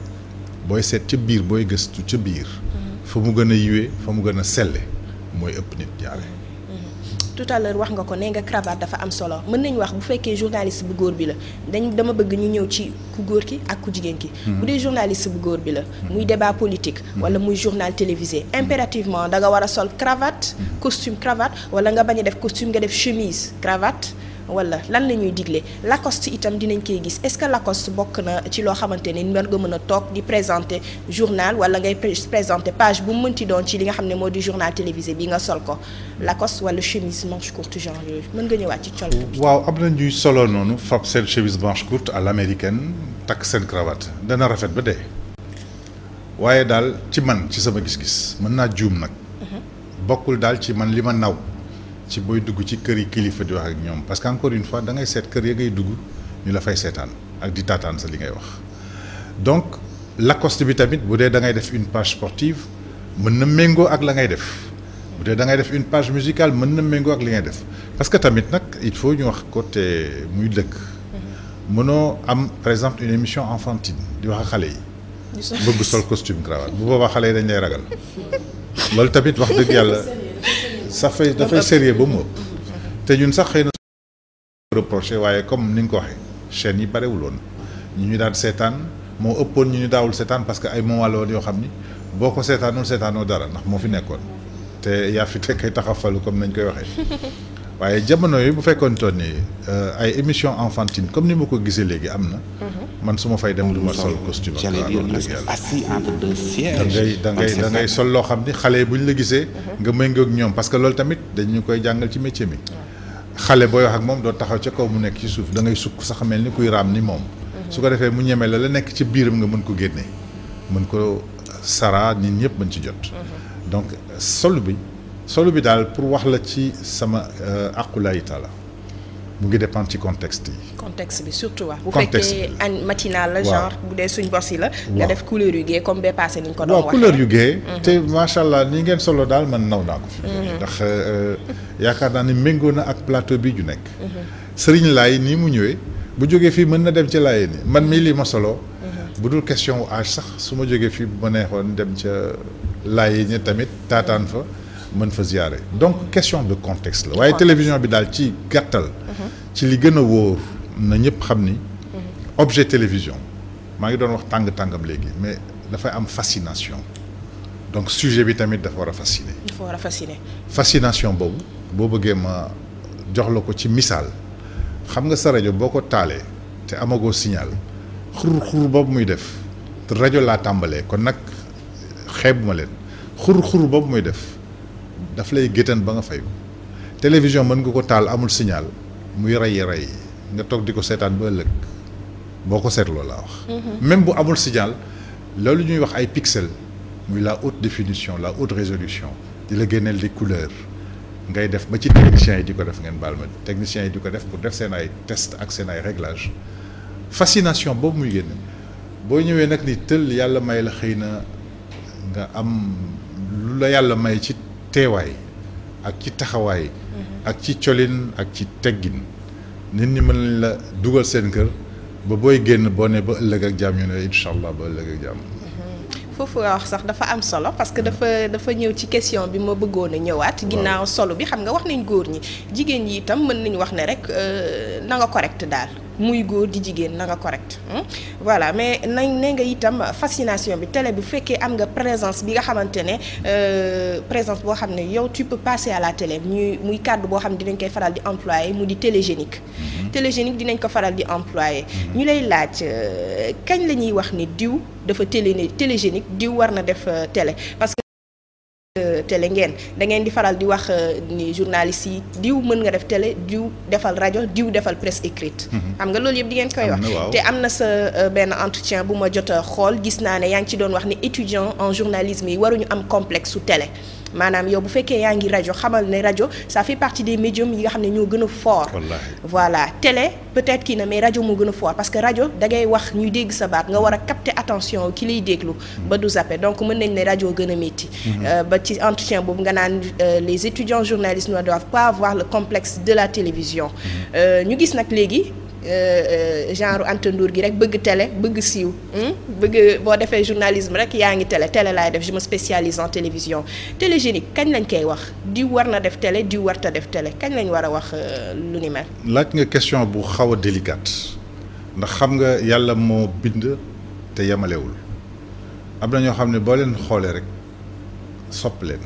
booy seet ca biir booy gëstu ca biir mhm. fa mu gën a yiwee fa mu gën a selle mooy ëpp nit jaare mhm. tout wax nga ko nee nga cravate dafa am solo mën nañ wax bu fekkee journaliste bu góor bi la dañ dama bëgg ñu ñëw ci ku góor ki ak ku jigéen ki mhm. bu dee journaliste bu góor bi la muy débat politique wala muy journal télévisé impérativement danga nga war a sol cravate costume cravate wala nga bañ a def costume nga def chemise cravate wala lan la ñuy digle Lacoste itam dinañ koy gis est-ce que Lacoste bokk na ci loo xamante ni mën nga mën a toog di présenter journal wala ngay présenter page bu mu mënti doon ci li nga xam ne moo di journal télévisé bi nga sol ko Lacoste wala chemise manche courte genre yooyu mën nga ñëwaat ci col bi. waaw am na ñuy solo noonu fab seen chemise manche courte à l'américaine takk seen cravate dana rafet ba dee. waaye daal ci man ci sama gis-gis mën naa juum nag. Mhm. bokkul daal ci man li ma naw. ci booy dugg ci kër yi kilifa di wax ak ñoom parce que encore une fois da ngay seet kër ya ngay dugg ñu la fay seetaan ak di taataan sa li ngay wax donc Lacoste bi tamit bu dee da ngay def une page sportive mën na méngoo ak la ngay def bu da ngay def une page musicale mën na méngoo ak li ngay def parce que tamit nag il faut ñu wax côté muy dëkk mënoo am par exemple une émission enfantine di wax ak xale yi bëgg sol costume cravate bu boobaa xale yi dañ lay ragal loolu tamit wax dëgg yàlla sax fay dafay sérieux ba mu te ñun sax xëy na reproché waaye comme ni nga ko waxee chaine yi barewuloon ñu ñu daan seetaan moo ëppoon ñu ñu daawul seetaan parce que ay moment la woon yoo xam ni boo ko seetaanul seetaanoo dara ndax moo fi nekkoon te yaa fi taxaw falu comme nañ koy waxee waaye jamono yi bu fekkoon toon ni euh, ay émission enfantine comme ni ma ko gisee léegi am na. Mhm. man su ma fay dem du ma sol costume ak assis entre deux sièges. da ngay da ngay sol loo xam ni xale yi bu ñu la gisee. Mhm. nga méngoog ñoom parce que loolu tamit dañu koy jàngal ci métier mi. xale booy wax ak moom doo taxaw ca kaw mu nekk ci suuf da ngay sukk sax mel ni kuy raam ni moom. Mhm. su ko defee mu ñeme la la nekk ci biiram nga mën ko génnee mën ko saraa nit ñëpp mën ci jot. donc sol bi. solo bi daal pour wax la ci sama aqulayi euh, taala mu ngi dépendre ci contexte yi. contexte bi surtout waa bu fekkee añ matinal la genre bu dee suñ bos la. nga def couleur yu gée comme bee ko doon waxee. waaw mhm. te macha allah ni ngeen solo daal man naw naa ko. Mhm. ndax euh, yaakaar naa ni méngoo na ak plateau bi ju nekk. Mhm. Serigne Laye nii mu ñëwee bu jógee fii mën na dem ci Laye nii man mii lii ma solo. bu dul question wu âge sax su ma jógee fii bu ma neexoon dem ca yi ñi tamit taataan fa. mën fa ziyaare donc question de contexte la waaye télévision bi daal ci gàttal ci li gën a wóor na ñëpp xam ni objet télévision maa ngi doon wax tàng-tàngam léegi mais dafay am fascination donc sujet bi tamit dafa war a fasciner dafa war a fascination boobu boo bëggee ma jox la ko ci misaal xam nga sa rajo boo ko taalee te amagoo signal xur xur boobu muy def te rajo laa tàmbalee kon nag xeebuma leen xur xur boobu muy def daf lay géttan ba nga fay ko télévision mën nga ko taal amul signal muy rey rey nga toog di ko seetaan ba ëllëg boo ko seetloo laa wax. Mhm. même bu amul signal loolu ñuy wax ay pixel muy la aut définition la haute résolution di la génneel di couleur ngay def ba ci techniciens yi di ko def ngeen baal ma techniciens yi di ko def pour def seen ay test ak seen ay réglage fascination boobu muy génne boo ñëwee nag ni tël yàlla may la xëy na nga am lu la yàlla may ci. teewaay ak ci taxawaay mm-hmm. ak ci colin ak ci teggin nit ñi mën la dugal seen kër ba booy génn boo ne ba ëllëg ak jàmm ñu ne incha allah ba ëllëg ak jàmm mm-hmm. foofu nga wax sax dafa am solo parce que dafa dafa ñëw ci question bi ma bëggoon a ñëwaat ginnaaw solo bi xam nga wax nañ góor ñi jigéen ñi itam mën nañu wax ne rek euh, na nga correct daal muy góor di jigéen na nga correct hmm? voilà mais nañ ne nga itam fascination bi télé bu fekkee am nga présence bi nga xamante ne euh, présence boo xam ne yow tu peux à la télé ñuy muy kàddu boo xam ne dinañ koy faral di employé mu di télégénique mm-hmm. télégénique dinañ ko faral di employé mm-hmm. ñu lay laaj euh, kañ la ñuy wax ni diw dafa télé télégénique diw war na def euh, télé parce télé ngeen dangeen di faral di wax euh, ni journaliste yi diw mën nga def télé diw defal rajo diw defal presque écrite. Mhm. xam nga loolu yëpp di ngeen koy wax. te am na sa euh, benn entretien bu ma jot xool gis naa ne yaa ngi ci doon wax ni étudiant en journalisme yi waruñu am complexe su télé. maanaam yow bu fekkee yaa ngi rajo xamal ne rajo ça fait partie des médiums yi nga xam ne ñoo gën a foor voilà télé peut-être kii na mais rajo moo gën a fort parce que rajo dangay ngay wax ñuy dégg sa baat nga war a capter attention ki lay déglu ba du zappé donc mën nañ ne rajo gën a métti mhm. euh, ba ci entretien boobu nga naan euh, les étudiants journalistes ne doivent pas avoir le complexe de la télévision mhm. euh, ñu gis nag léegi Euh, euh, genre Anta gi rek bëgg tele bëgg siiw hmm? bëgg boo defee journalisme rek yaa ngi télé télé laay def je me spécialise en télévision télégénique kañ lañ koy wax di war na def télé di warta def télé kañ lañ war a wax euh, lu ni mel. laaj nga question bu xaw a délicate ndax xam nga yàlla moo bind te yemalewul am na ñoo xam ne boo leen xoolee rek sopp leen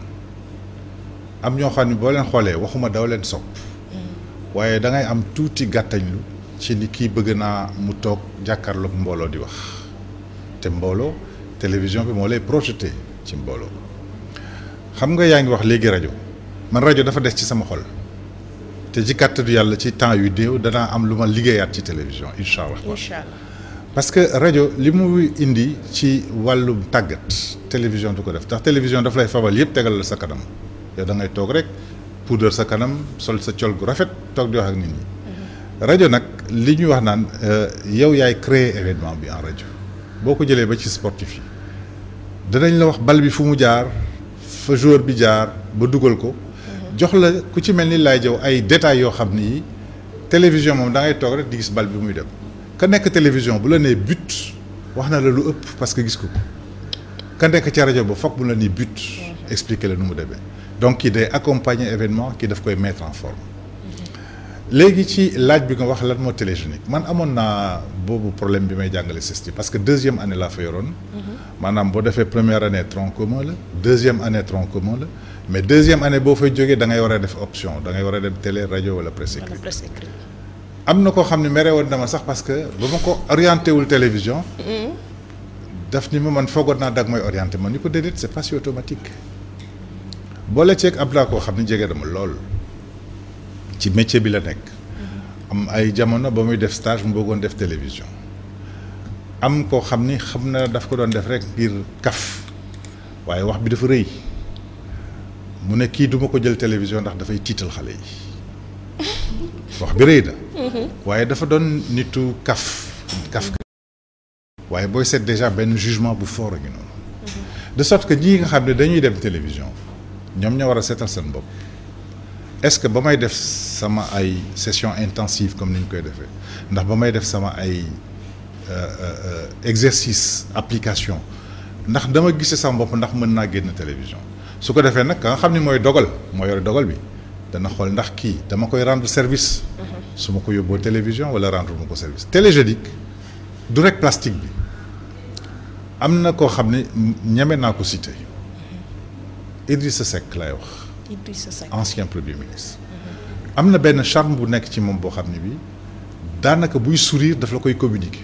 am ñoo xam ne boo leen xoolee waxuma daw leen sopp hmm. waaye dangay am tuuti gàttañlu ci ni kii bëgg naa mu toog jàkkaarloog mbooloo di wax te mbooloo télévision bi moo lay projeté ci mbooloo xam nga yaa ngi wax léegi rajo man rajo dafa des ci sama xol te ci kàttanu yàlla ci temps yu néew danaa am lu ma liggéeyaat ci télévision incha allah. incha parce que rajo li mu indi ci wàllum tàggat télévision du ko def ndax télévision daf lay fabal yëpp tegalal sa kanam yow da ngay toog rek puudar sa kanam sol sa col gu rafet toog di wax ak nit ñi. rajo nag li ñuy wax naan euh, yow yaay créer événement bi en rajo boo ko jëlee ba ci sportif yi danañ la wax bal bi fu mu jaar fa joueur bi jaar ba dugal ko mhm. jox la ku ci mel ni laay jëw ay détails yoo xam ni télévision moom da ngay toog rek di gis bal bi muy dem ka nekk télévision bu la nee but wax na la lu ëpp parce que gis ko ka nekk ca rajo ba foog mu la ni but mhm. expliquer la nu mu demee donc ki day accompagner événement kii daf koy mettre en forme léegi ci laaj bi nga wax lan moo télégénique man amoon naa boobu problème bi may jàngale CESTI parce que deuxième année laa fa yoroon. Mhm. maanaam boo defee première année tronc commun la deuxième année tronc commun la mais deuxième année boo fay jógee da ngay war a def option da war a dem télé rajo wala presse écrite am na koo xam ne mere woon na ma sax parce que ba ma ko orienté wul télévision. Mhm. daf ni ma man foogoon naa dag mooy orienté man ni ko déedéet c'est pas si automatique boole ceeg ab koo xam ne jege dama lool. ci métier bi la nekk mm-hmm. am ay jamono ba muy def stage mu bëggoon def télévision am koo xam ni xam na daf ko doon def rek ngir kaf waaye wax bi dafa rëy mu ne kii duma ko jël télévision ndax dafay tiital xale yi wax bi rëy na mm-hmm. waaye dafa doon nitu kaf kaf waaye booy seet déjà benn jugement bu fort a ngi noonu mm-hmm. de sorte que ñii nga xam ne dañuy dem télévision ñoom ñoo war a seetal seen bopp est-ce que ba may def sama ay session intensive comme ni ñu koy defee ndax ba may def sama ay euh, euh, euh, exercice application ndax dama gisee sama bopp ndax mën naa génn télévision su ko defee nag ka nga xam ni mooy dogal moo yore dogal bi dana xool ndax kii dama koy rendre service. Mhm. su ma ko yóbboo télévision wala rendre ma ko service télégénique du rek plastique bi am na koo xam ne ñeme naa ko cité mhm. Idrissa Seck laay wax. Idrissa Seck ancien premier ministre. am na benn charme bu nekk ci moom boo xam ne bi daanaka buy sourire daf la koy communiquer.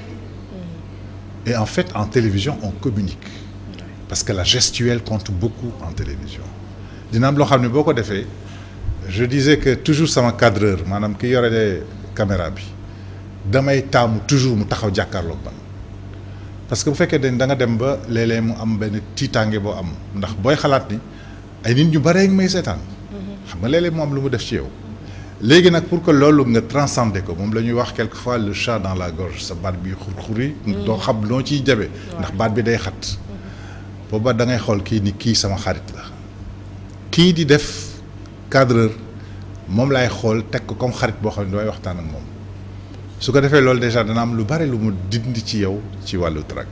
Mm. et en fait en télévision on communique. parce que la gestuelle compte beaucoup en télévision. dina am loo xam ne boo ko defee je disais que toujours sama cadreur maanaam ki yore caméra bi damay taamu toujours mu taxaw jàkkaarloog man parce que bu fekkee dañ da nga dem ba léeg mu am benn tiitaange boo am ndax booy xalaat ni. ay nit ñu bare ngi may seetaan. xam nga léeg-léeg mu am lu mu def ci yow. léegi nag pour que loolu nga transcender ko moom la ñuy wax quelquefois le chat dans la gorge sa baat bi xur-xuri. Mm. doo xam loo ciy jabe. ndax baat bi day xat. Mm-hmm. booba da ngay xool kii ni kii sama xarit la. kii di def cadreur moom laay xool teg ko comme xarit boo xam ne damay waxtaan ak moom su ko defee loolu déjà dana am lu bare lu mu dindi ci yow ci wàllu track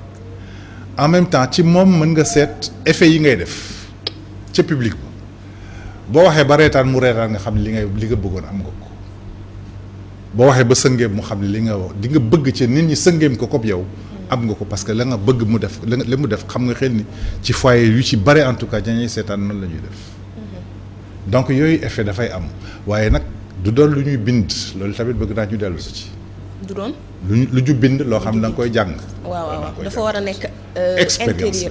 en même temps ci moom mën nga seet effet yi ngay def. ca public ba boo waxee ba reetaan mu reetaan nga xam ne li ngay li nga bëggoon am nga ko boo waxee ba sëngeem mu xam ne li nga wax di nga bëgg ci nit ñi sëngeem ko kob yow am nga ko parce que la nga bëgg mu def la mu def xam nga xel ni ci foyer yu ci bare en tout cas dañuy seetaan noonu la ñuy def mm-hmm. donc yooyu effet dafay am waaye nag du doon lu ñuy bind loolu tamit bëgg naa ñu dellu si ci. du doon lu lu ju bind loo xam ne da nga koy jàng. waaw waaw dafa war a nekk. Euh, expérience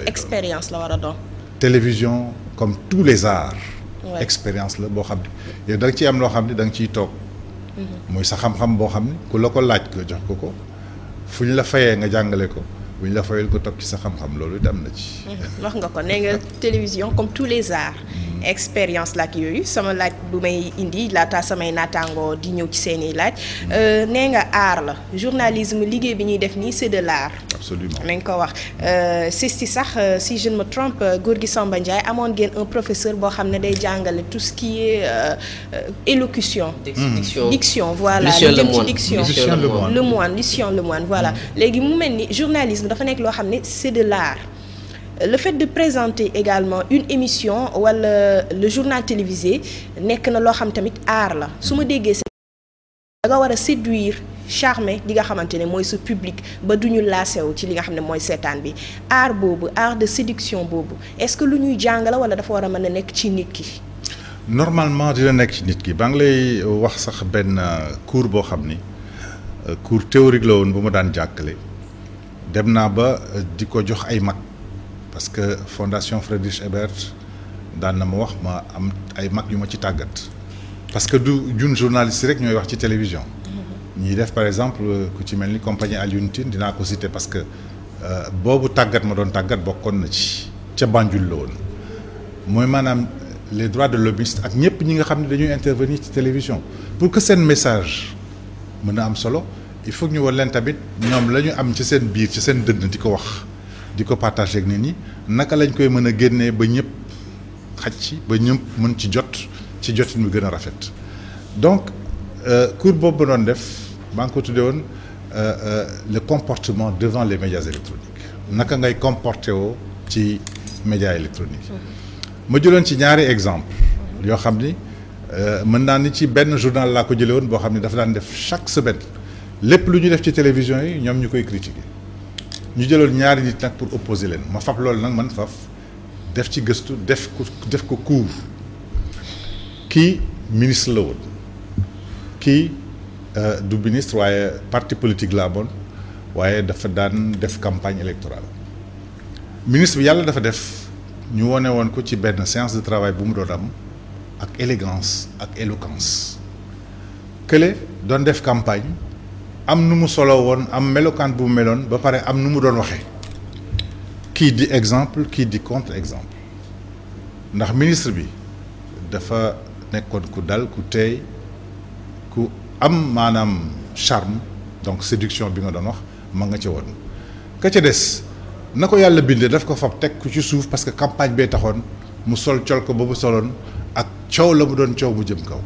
la expérience comme tous les arts expérience la boo xam ne yow da nga ciy am loo xam ne danga ciy toog mooy mhm. sa xam-xam boo xam ne ku la ko laaj ko jox ko ko fu ñu la fayee nga jàngale ko bu ñu la fayal ko topp ci sa xam-xam loolu it na ci. Mm-hmm. wax nga ko nee nga télévision comme tous les arts. Mm-hmm. expérience laaj yooyu sama laaj bu may indi laata samay naataangoo di ñëw ci seeni laaj. Mm-hmm. Euh, nee nga art la journalisme liggéey bi ñuy def nii c'est de l'art. absolument nañ ko wax euh, si sax euh, si je ma me trompe Gorgui Samba amoon ngeen un professeur boo xam ne day jàngale tout ce qui est élocution. diction diction voilà. Lucien Lemoine Lucien Lemoine Lucien voilà léegi mu mel ni journalisme. dafa nekk loo xam ne c'est de l'art le fait de présenter également une émission wala le journal télévisé nekk na loo xam tamit aar la su ma déggee da nga war a séduire charmer li nga xamante ne mooy sa public ba du ñu laasew ci li nga xam ne mooy seetaan bi aar boobu art de séduction boobu est-ce que lu ñuy jàng la wala dafa war a mën a nekk ci nit ki. normalement dina nekk ci nit ki ba ngi lay wax sax benn cours boo xam ne cours théorique la woon bu ma daan jàkkale. dem naa ba euh, di ko jox ay mag parce que fondation Friedrich Ebert daan na ma wax ma am ay mag yu ma ci tàggat parce que du jun journaliste rek ñooy wax ci télévision ñuy def par exemple euh, ku ci mel ni compagnie Alioune Tine dinaa ko citer parce que euh, boobu tàggat ma doon tàggat bokkoon na ci ca Banjul la woon mooy maanaam les droits de lobbyiste ak ñëpp ñi nga xam ne dañuy intervenir ci télévision pour que seen message mën a am solo il faut que ñu war leen tamit ñoom la ñu am ci seen biir ci seen dënn di ko wax di ko partager ak nit ñi naka lañ koy mën a génnee ba ñëpp xaj ci ba ñëpp mën ci jot ci jotin mu gën a rafet donc euh, cours boobu doon def maa ngi ko tuddee woon euh, euh, le comportement devant les médias électroniques naka ngay comporté woo ci médias électroniques ma jëloon ci ñaari exemple yoo xam ni mën naa ni ci benn journal laa ko jëlee woon boo xam ni dafa daan def chaque semaine lépp lu ñu def ci télévision yi ñoom ñu koy critiquer ñu jëloon ñaari nit nag pour opposer leen ma fab loolu nag man faf def ci gëstu def ko def ko cours kii ministre la woon kii euh, du ministre waaye parti politique laa bon waaye dafa daan def campagne électorale ministre bi yàlla dafa def ñu wone woon ko ci benn séance de travail bu mu doon am ak élégance ak éloquence kële doon def campagne am nu mu solo woon am melokaan bu mu meloon ba pare am nu mu doon waxee kii di exemple kii di contre exemple ndax ministre bi dafa nekkoon ku dal ku teey ku am maanaam charme donc séduction bi nga doon wax ma nga ca woon ka ca des na ko yàlla bindee daf ko fab teg ku ci suuf parce que campagne bee taxoon mu sol col ko ba mu soloon ak coow la mu doon coow bu jëm kaw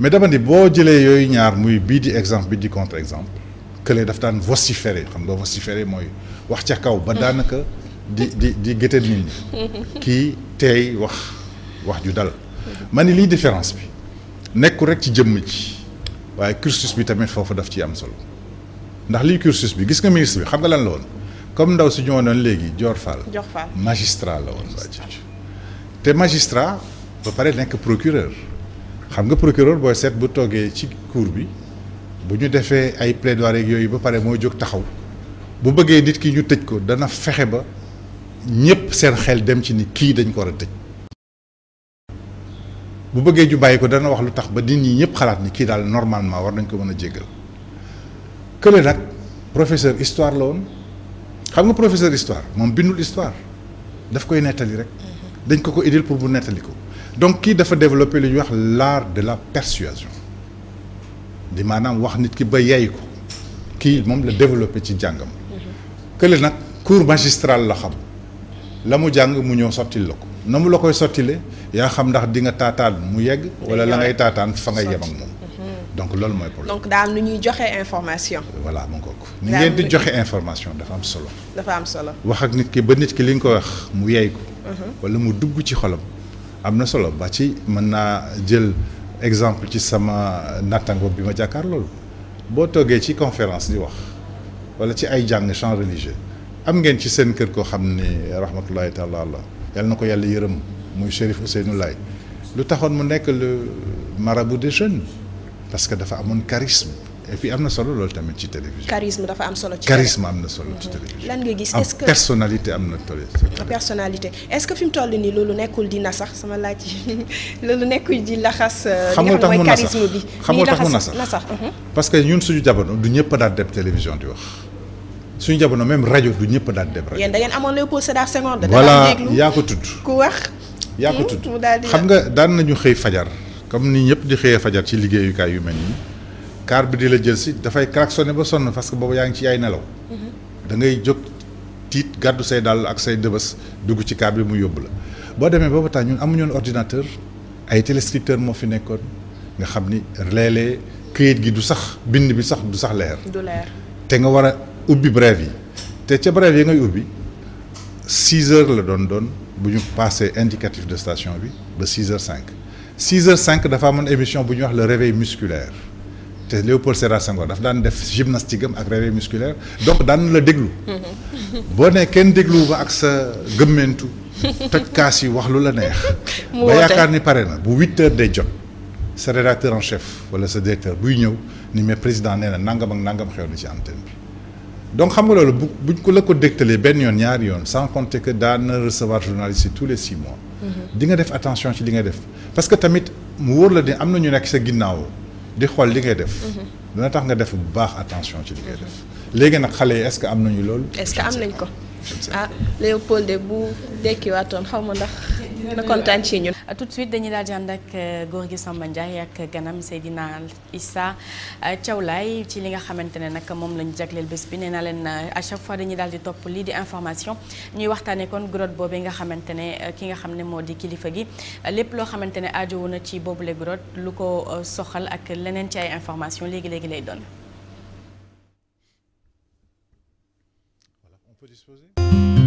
mais dama ni boo jëlee yooyu ñaar muy bii di exemple bi di contre exemple kële daf daan vociférer xam nga vociférer mooy wax ca kaw ba daanaka di di di gëte nit ñi kii tey wax wax ju dal ma ni lii différence bi nekku rek ci jëmm ji waaye cursus bi tamit foofu daf ci am solo ndax lii cursus bi gis nga ministre bi xam nga lan la woon comme ndaw si ñu woon léegi Dior Fall magistrat la woon te magistrat ba pare nekk procureur xam nga procureur booy seet bu toggee ci cour bi bu ñu defee ay plaidoiries yooyu ba pare moo jóg taxaw bu bëggee nit ki ñu tëj ko dana fexe ba ñëpp seen xel dem ci ni kii dañ ko war a tëj bu bëggee ju bàyyi ko dana wax lu tax ba nit ñi ñëpp xalaat ni kii daal normalement war nañ ko mën a jéggal kële nag professeur histoire la woon xam nga professeur histoire moom bindul histoire daf koy nettali rek mm-hmm. dañ ko ko idil pour bu nettali ko donc kii dafa développer lu ñuy wax laar de la persuasion di maanaam wax nit ki ba yey ko kii moom la développer ci jàngam. Mhm. kële nag cours magistral la xam la mu jàng mu ñëw sottil la ko na la koy sottile yaa xam ndax di nga taataan mu yegg. wala la ngay taataan fa nga yem moom. Mhm. donc loolu mooy problème donc daal nu ñuy joxe information. voilà mu ngoog ni ngeen di joxe information dafa am solo. dafa am solo wax ak nit ki ba nit ki li nga koy wax mu yey ko. Mhm. wala mu dugg ci xolom am na solo ba ci mën naa jël exemple ci sama nattango bi ma jàkkaar loolu boo toogee ci conférence di wax wala ci ay jàng champ religieux am ngeen ci seen kër koo xam ne rahmatullahi taala allah yàlla na ko yàlla yërëm muy Chérif Ousseynou laay lu taxoon mu nekk le marabout des jeunes parce que dafa amoon charisme et puis am na solo loolu tamit ci télévision. charisme dafa am solo ci charisme am na solo ci télévision. lan nga gis est-ce que personnalité am na tollu. personnalité est-ce que fi mu toll nii loolu nekkul di na sax sama laaj loolu nekkul di laxas. Euh, xamul tax mu na sax li nga xam mooy charisme bi. na sax mhm. parce que ñun suñu jamono du ñëpp daal dem télévision di wax. suñu jamono même rajo du ñëpp daal dem rajo. yéen da ngeen amoon Léopold Sédar Senghor. da voilà yaa ko tudd ku wax. yaa ko hmm? tudd xam nga daan nañu xëy fajar comme nii ñëpp di xëyee fajar ci liggéeyukaay yu mel nii car bi di la jël si dafay klaxonné ba sonn parce que boobu yaa ngi ci yaay nelaw mhm. da ngay jóg tiit gàddu say dàll ak say dëbës dugg ci car bi mu yóbbu la boo demee boobu temps ñun amuñoon ordinateur ay téléscripteur moo fi nekkoon nga xam ni léeg këyit gi du sax bind bi sax du sax leer te nga war a ubbi brève yi te ca brève yi ngay ubbi six heures la doon doon bu ñu passé indicatif de station bi ba six heures cinq six heures cinq dafa amoon émission bu ñu wax le réveil musculaire te Léopold Sédar Senghor daf daan def gymnastique am ak réveil musculaire donc daan la déglu. boo nee kenn déglu ba ak sa gëmmentu toj kaas yi wax lu la neex. ba yaakaar ni pare na bu huit heures day jot. sa rédacteur en chef wala sa directeur buy ñëw ni mais président nee na nangam ak nangam xew na ci antenne bi. donc xam nga loolu bu buñ ko la ko dégtalee benn yoon ñaari yoon sans compter que daan na recevoir journaliste yi tous les six mois. Mm-hmm. di nga def attention ci li nga def parce que tamit mu wóor la am na ñu nekk sa ginnaaw. di xool li ngay def. Mhm. dana tax nga def bu baax attention ci li ngay def léegi nag xale yi est-ce que am nañu loolu. est-ce am nañ ko. ah Léopold bu dekkiwaatoon xaw ma ndax na kontaan ci ñun. Ah, tout de suite dañuy daal di ànd euh, góor gi Samba Ndiaye ak ganam Seydina Issa euh, Thiaw Laye ci li nga xamante ne nag moom lañu jagleel bés bi nee naa leen euh, à chaque fois dañuy daal di topp lii di information ñuy waxtaanee kon grotte boobu nga xamante ne ki nga xam ne moo di kilifa gi lépp loo xamante ne aajowu na ci boobule grotte lu ko soxal ak leneen ci ay information léegi léegi lay doon. exploser.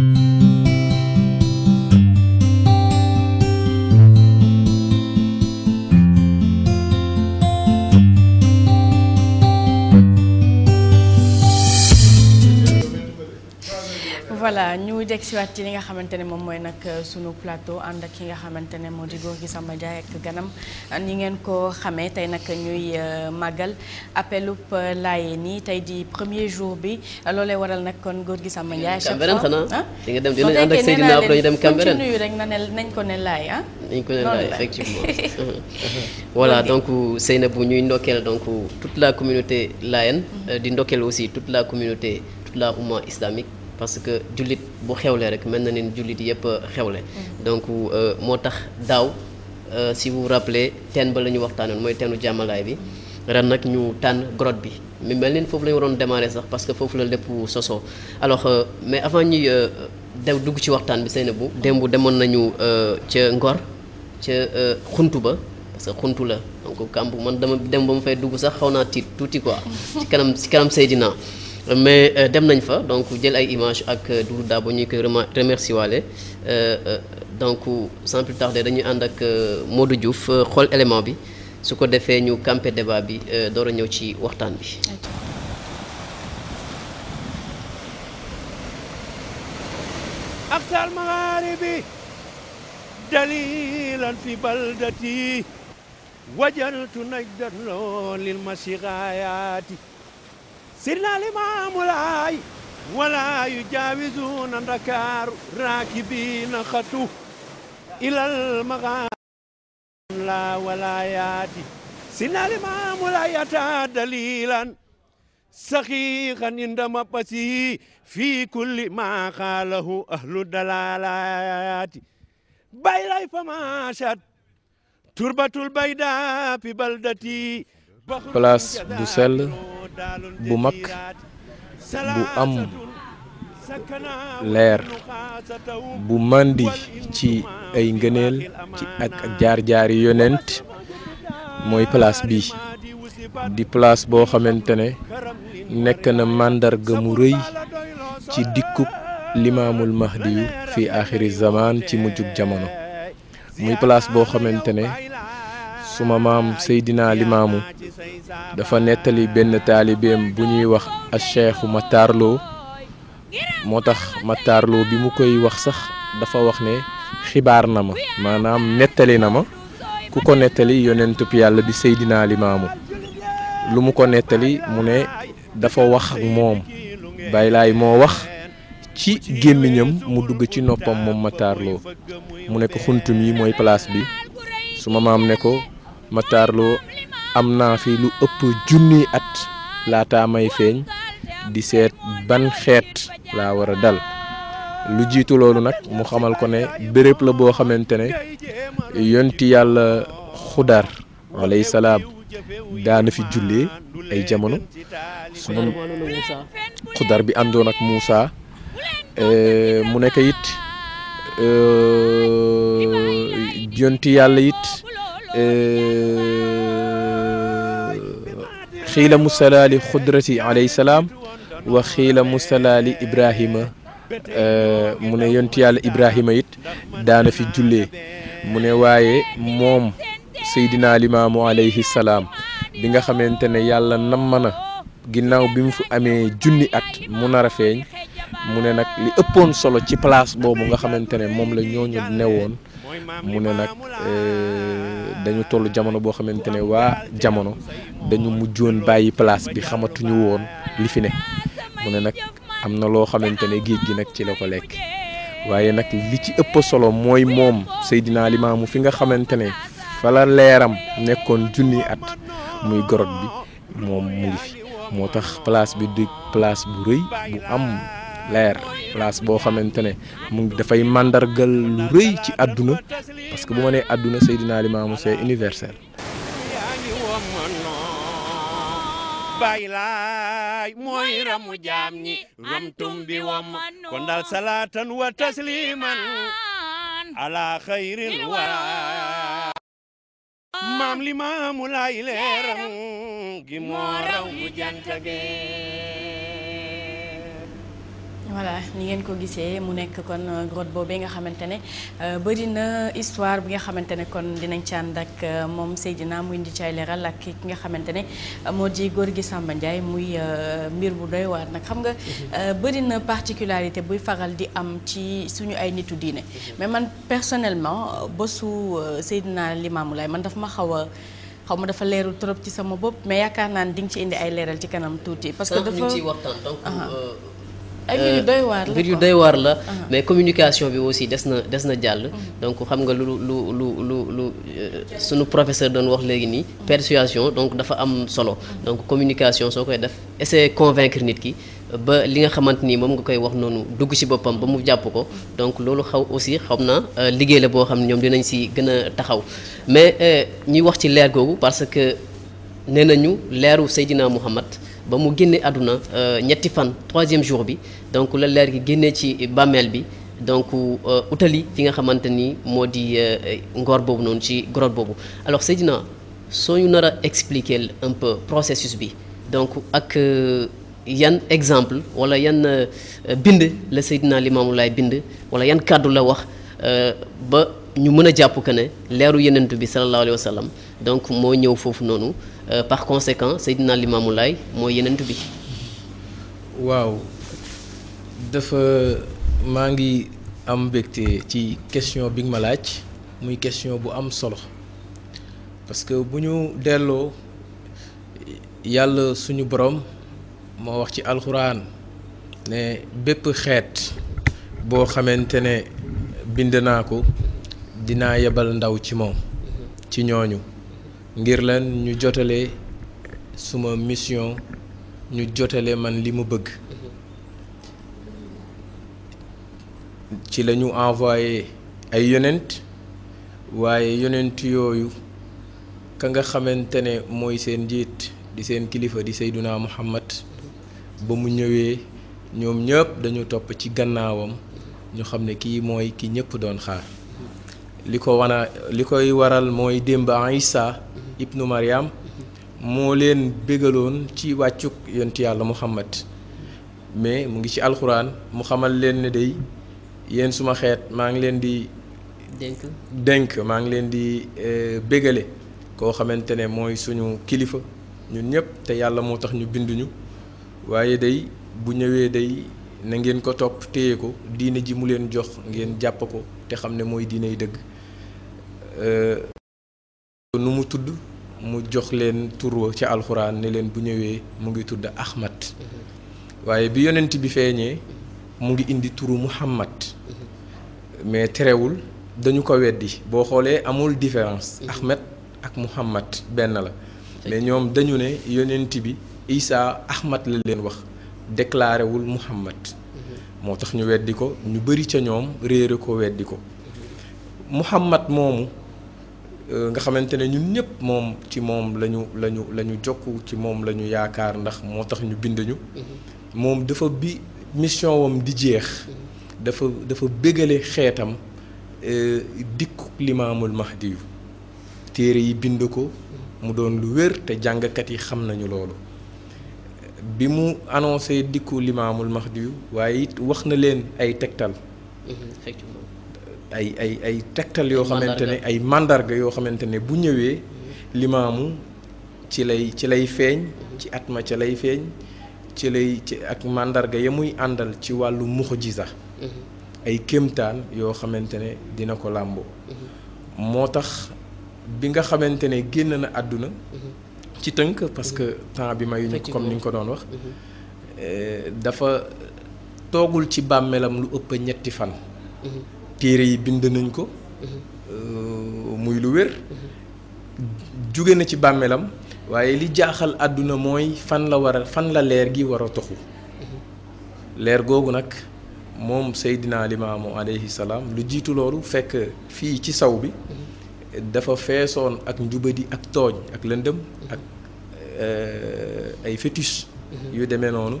voilà ñu dégg si ci li nga xamante ne moom mooy nag euh, sunu plateau ànd ak ki nga xamante ne moo di góor gi sama jaay ak ganam ñi ngeen ko xamee tey nag ñuy euh, màggal appelub euh, laaye nii tey di premier jour bi loolee waral nag kon góor gi sama jaay. Cambérène xanaa di nga dem dinañ ànd ak Seydina après ñu dem Cambérène na ne nañ ko ne laay ah. nañ ko ne laay ñuy ndokkeel donc toute la communauté laayenne. Mhm. di ndokkeel aussi tout la communauté toute la oumma islamique. parce que jullit bu xewle rek mel na ne jullit yëpp xewle. Mm-hmm. donc euh, moo tax daaw euh, si vous rappelez teen ba la waxtaan waxtaanoon mooy teenu jàmmalaay bi ren nag ñu tànn grotte bi mu mel ni foofu la waroon démarrer sax parce que foofu la lépp sosoo alors euh, mais avant ñuy dew dugg ci waxtaan bi seen bu démb demoon nañu ca Ngor ca xuntu ba. parce que la donc kamp man dama dem ba mu fay dugg sax xaw naa tiit tuuti quoi. ci kanam ci kanam mais euh, dem nañ fa donc jël ay image ak euh, Doudou Dabo ñuy koy remercier euh, donc sans plus tarder dañuy ànd ak Modou Diouf xool élément bi su ko defee ñu campé débat bi door a ñëw ci waxtaan bi. أقصى المغارب دليلا في بلدتي وجنت نجدا للمسيغايات سيدنا الإمام لاي ولا يجاوزون دكار راكبين خطو إلى المغارب لا ولا ياتي سيدنا الإمام لا يتا دليلا سخيخا عندما بسي في كل ما قاله أهل الدلالات بايلاي فما شد تربة البيداء في بلدتي place bu sell bu mag bu am leer bu màndi ci ay ngëneel ci ak jaar-jaari yonent mooy place bi di place boo xamante ne nekk na màndarga mu rëy ci dikkub limaamul mahdi yu fi axiri zaman ci mujjug jamono muy place boo xamante suma maam Seydina Limaamu dafa nettali benn taalibeem bu ñuy wax a cheikhu Matarloo moo tax ma Matarloo bi mu koy wax sax dafa wax ne xibaar na ma maanaam nettali na ma ku ko nettali yonentub yàlla bi Seydina Limaamu lu mu ko nettali mu ne dafa wax ak moom Baay Laay moo wax ci gémmiñam mu dugg ci noppam moom Matarloo mu ne ko xuntum yi mooy place bi suma maam ne ko Matar Lo am naa fi lu ëpp junniy at laataa may feeñ di seet ban xeet laa war a dal lu jiitu loolu nag mu xamal ko ne bërëb la boo xamante ne yonti yàlla xudar alayhi salaam daana fi jullee ay jamono sunu xudar bi àndoon ak Moussa e, mu nekk it e, yonti yàlla it xiila musala li xudrati alayhi salaam wa xiila musala li Ibrahima mu ne yontu yàlla Ibrahima it daana fi jullee mu ne waaye moom Seydina Limaamu alayhi salaam bi nga xamante ne yàlla namm na ginnaaw bi mu fi amee junni at mu nar feeñ mu ne nag li ëppoon solo ci place boobu nga xamante ne moom la ne woon mu ne nag eh, dañu toll jamono boo xamante ne waa jamono dañu woon bàyyi place bi xamatuñu woon li fi ne mu ne nag am na loo xamante ne géej gi nag ci la ko lekk waaye nag li ci ëpp solo mooy moom Seydina mu fi nga xamante ne fa la leeram nekkoon junni at muy gorot bi moom mu ngi fi moo tax place bi di place bu rëy bu am leer boo xamante ne mu dafay màndargal lu rëy ci àdduna parce que bu ma nee àdduna Seydina Limaamu c'est universel. bay laay mooy ramu jaam ñi ramtum bi wam kon daal salaatan wa tasliman ala xayril wara maam li maamu leeram gi moo raw mu jant voilà ni ngeen ko gisee mu nekk kon euh, grotte boobee nga xamante ne euh, bëri na histoire bi nga xamante ne kon dinañ ci ànd ak euh, moom Seydina muy indi caay leeral ki nga xamante ne moo di góor gi Samba Ndiaye muy mbir bu doy nag xam nga mhm. bëri na particularité buy faral di am ci suñu ay nitu diine mhm. mais man personnellement bésu Seydina Limaamu Laay man dafa ma xaw a xaw ma dafa leerul trop ci sama bopp mais yaakaar naa ne di nga ci indi ay leeral ci kanam tuuti parce que dafa ay mbir yu euh, doy waar la ah. mais communication bi aussi des na des na jàll. Mhm. donc xam nga lu lu lu lu lu euh, sunu professeur doon wax léegi nii. Mhm. persuasion donc dafa am solo. Mhm. donc communication soo koy def essayer convaincre nit ki. ba li nga xamante ni moom nga koy wax noonu dugg ci boppam ba mu jàpp ko donc loolu xaw aussi xam naa euh, liggéey la boo xam ne ñoom dinañ si gën a taxaw mais ñuy wax ci leer googu parce que nee nañu leeru Seydina Muhammad ba mu génne àdduna euh, ñetti fan troisième jour bi donc la leer gi génnee ci bàmmeel bi donc euh, utali fi nga xamante ni moo di euh, ngor boobu noonu ci grotte boobu alors Seydina soo ñu nar a expliquer un peu processus bi donc ak yan exemple wala yan bind la Seydina Limaamu Laay bind wala yan kàddu la wax ba ñu mën a jàpp que ne leeru yenentu bi sallallahu alayhi donc moo ñëw foofu noonu Euh, par conséquent Seydina Limaamu Laay mooy yenent bi waaw dafa maa ngi am mbégte ci question big ma laaj muy question bu am solo parce que bu ñu delloo yàlla suñu borom moo wax ci alxuraan ne bépp xeet boo xamante ne bind naa ko dinaa yebal ndaw ci moom ci ñooñu ngir lan ñu jotale suma mission ñu jotale man li mu bëgg ci lañu ñu envoyé ay yonent waaye yonent yooyu ka nga xamante ne mooy seen njiit di seen kilifa di Seyduna Muhammad ba mu ñëwee ñoom ñëpp dañu topp ci gannaawam ñu xam ne kii mooy ki ñëpp doon xaar li ko wana li koy waral mooy démb Isa ibnu Mariam moo leen bégaloon ci wàccuk yonti yàlla Muhammad mais mu ngi ci alxuraan mu xamal leen ne day yéen suma xeet maa ngi leen di. dénk dénk maa ngi leen di euh, bégale koo xamante ne mooy suñu kilifa ñun ñëpp te yàlla moo tax ñu binduñu waaye day bu ñëwee day. na ngeen ko topp téye ko diine ji mu leen jox ngeen jàpp ko te xam ne mooy dinay dëgg euh, nu mu tudd mu jox leen tur wa ci alxuraan ne leen bu ñëwee mu ngi tudd Ahmad waaye bi yonent bi feeñee mu ngi indi turu Muhammad mais terewul dañu ko weddi boo xoolee amul différence mhm. Ahmed ak Muhammad benn la mais ñoom dañu ne yonent bi Isa Ahmad la leen wax déclaré wul Muhammad mhm. moo tax ñu weddi ko ñu bëri ca ñoom réere ko weddi ko mhm. Muhammad moomu Euh, nga xamante ne ñun ñëpp moom ci moom lañu lañu lañu jokk ci moom la ñu yaakaar ndax moo tax ñu bind ñu. Mm-hmm. moom dafa bi mission wam di jeex. Mm-hmm. dafa dafa bégale xeetam euh, dikku limaamul mahdiyu téere yi bind ko. Mm-hmm. mu doon lu wér te jàngkat yi xam nañu loolu. bi mu annoncé dikku limaamul mahdiyu waaye it wax na leen ay tegtal. ay ay ay tegtal yoo xamante ne ay màndarga yoo xamante ne bu ñëwee limaamu ci lay ci lay feeñ ci at ma ca lay feeñ ci lay ci ak màndarga ya muy àndal ci wàllu muxjiza mm-hmm. ay kéemtaan yoo xamante ne dina ko làmboo mm-hmm. moo tax bi nga xamante ne génn na àdduna mm-hmm. ci tënk parce que temps bi yu mayuñu comme ni nga ko doon wax eh, dafa toogul ci bàmmeelam lu ëpp ñetti fan téere yi bind nañ ko euh, muy lu wér jóge na ci bàmmeelam waaye li jaaxal àdduna mooy fan la war fan la leer gi war a toxu leer googu nag moom Seydina Limaamu alayhi salaam lu jiitu loolu fekk fii ci saw bi dafa feesoon ak njubadi ak tooñ ak lëndëm ak euh, ay fétiche yu demee noonu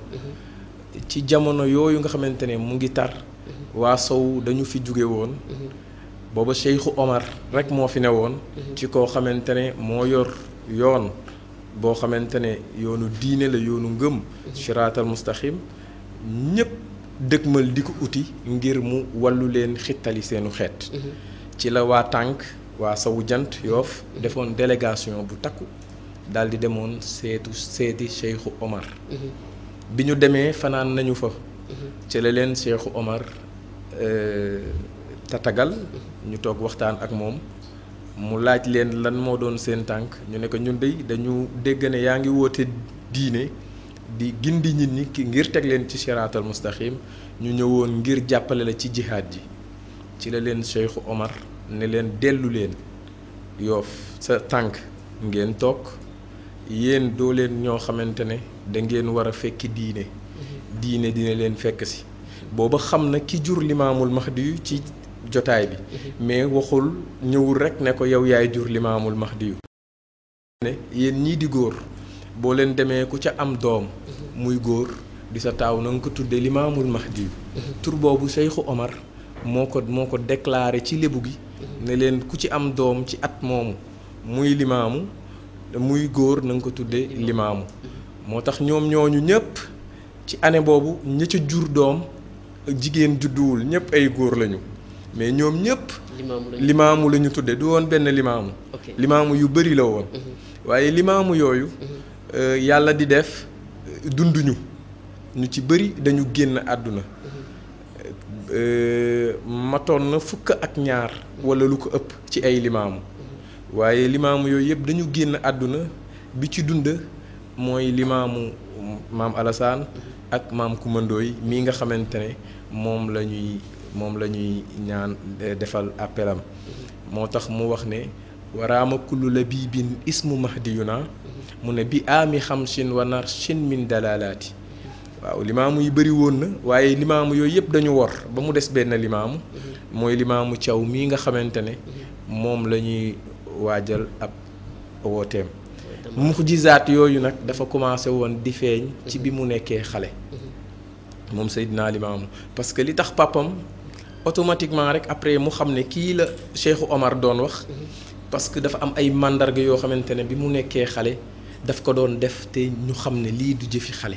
ci jamono yooyu nga xamante ne mu ngi tar waa sow dañu fi jóge woon mhm. booba Cheikhu Omar rekk moo fi ne woon mhm. ci koo xamante ne moo yor yoon boo xamante ne yoonu diine la yoonu ngëm mhm. siraatal mustaqim ñépp dëgmal di ko uti ngir mu wàllu leen xittali seenu xeet ci la waa tànk waa sawu jant yoof defoon délégation bu takku daldi demoon seetu seeti Cheikhu Omar bi ñu demee fanaan nañu fa ci la leen Cheikhu Omar Euh, tatagal ñu toog waxtaan ak moom mu laaj leen lan moo doon seen tànk ñu ne ko ñun dey dañu dégg yaa ngi woote diine di gindi nit ñi ki ngir teg leen ci siraatal mustaqim ñu ñëwoon ngir jàppale la ci jihaad ji ci la leen Cheikh Omar ne leen dellu leen yoof sa tànk ngeen toog yéen doo leen ñoo xamante ne da ngeen war a fekki diine mm-hmm. diine dina leen fekk si booba xam na ki jur limaamul mahdi ci jotaay bi mais waxul ñëwul rek ne ko yow yaay jur limaamul mahdi yu ne yéen ñii di góor boo leen demee ku ca am doom muy góor di sa taaw na nga ko tuddee limaamul mahdi yu tur boobu Seexu Omar moo ko moo ko déclaré ci lébu gi ne leen ku ci am doom ci at moomu muy limaamu muy góor na nga ko tuddee limaamu moo tax ñoom ñooñu ñëpp ci année boobu ña ca jur doom jigéen judduwul ñëpp ay góor lañu mais ñoom ñëpp. limaamu la ñu tudde du woon benn limaamu. limaamu yu bëri la woon. Mhm. waaye limaamu yooyu. Mhm. Euh, yàlla di def euh, dunduñu ñu ci bëri dañu génn àdduna. Mhm. Euh, matoon na fukk ak ñaar. wala lu ko ëpp ci ay limaamu. waaye limaamu yooyu yëpp dañu génn àdduna bi ci dund mooy limaamu maam Alassane ak maam Kumandooy mii nga xamante ne. moom la ñuy moom la ñuy ñaan defal appelam moo tax mu wax ne waraama kullu la bii bin ismu mahdiyuna mu ne bi aami xam chin wanar chin min dalalaati waaw limaamu yi bëri woon na waaye limaamu yooyu yëpp dañu wor ba mu des benn limaamu mooy limaamu caw mii nga xamante ne moom la ñuy waajal ab wooteem muxjizaat yooyu nag dafa commencé woon di feeñ ci bi mu nekkee xale moom Seydina Limaamu parce que li tax papam automatiquement rek après mu xam ne kii la Cheikhu Omar doon wax parce que dafa am ay màndarga yoo xamante ne bi mu nekkee xale daf ko doon def te ñu xam ne lii du jëfi xale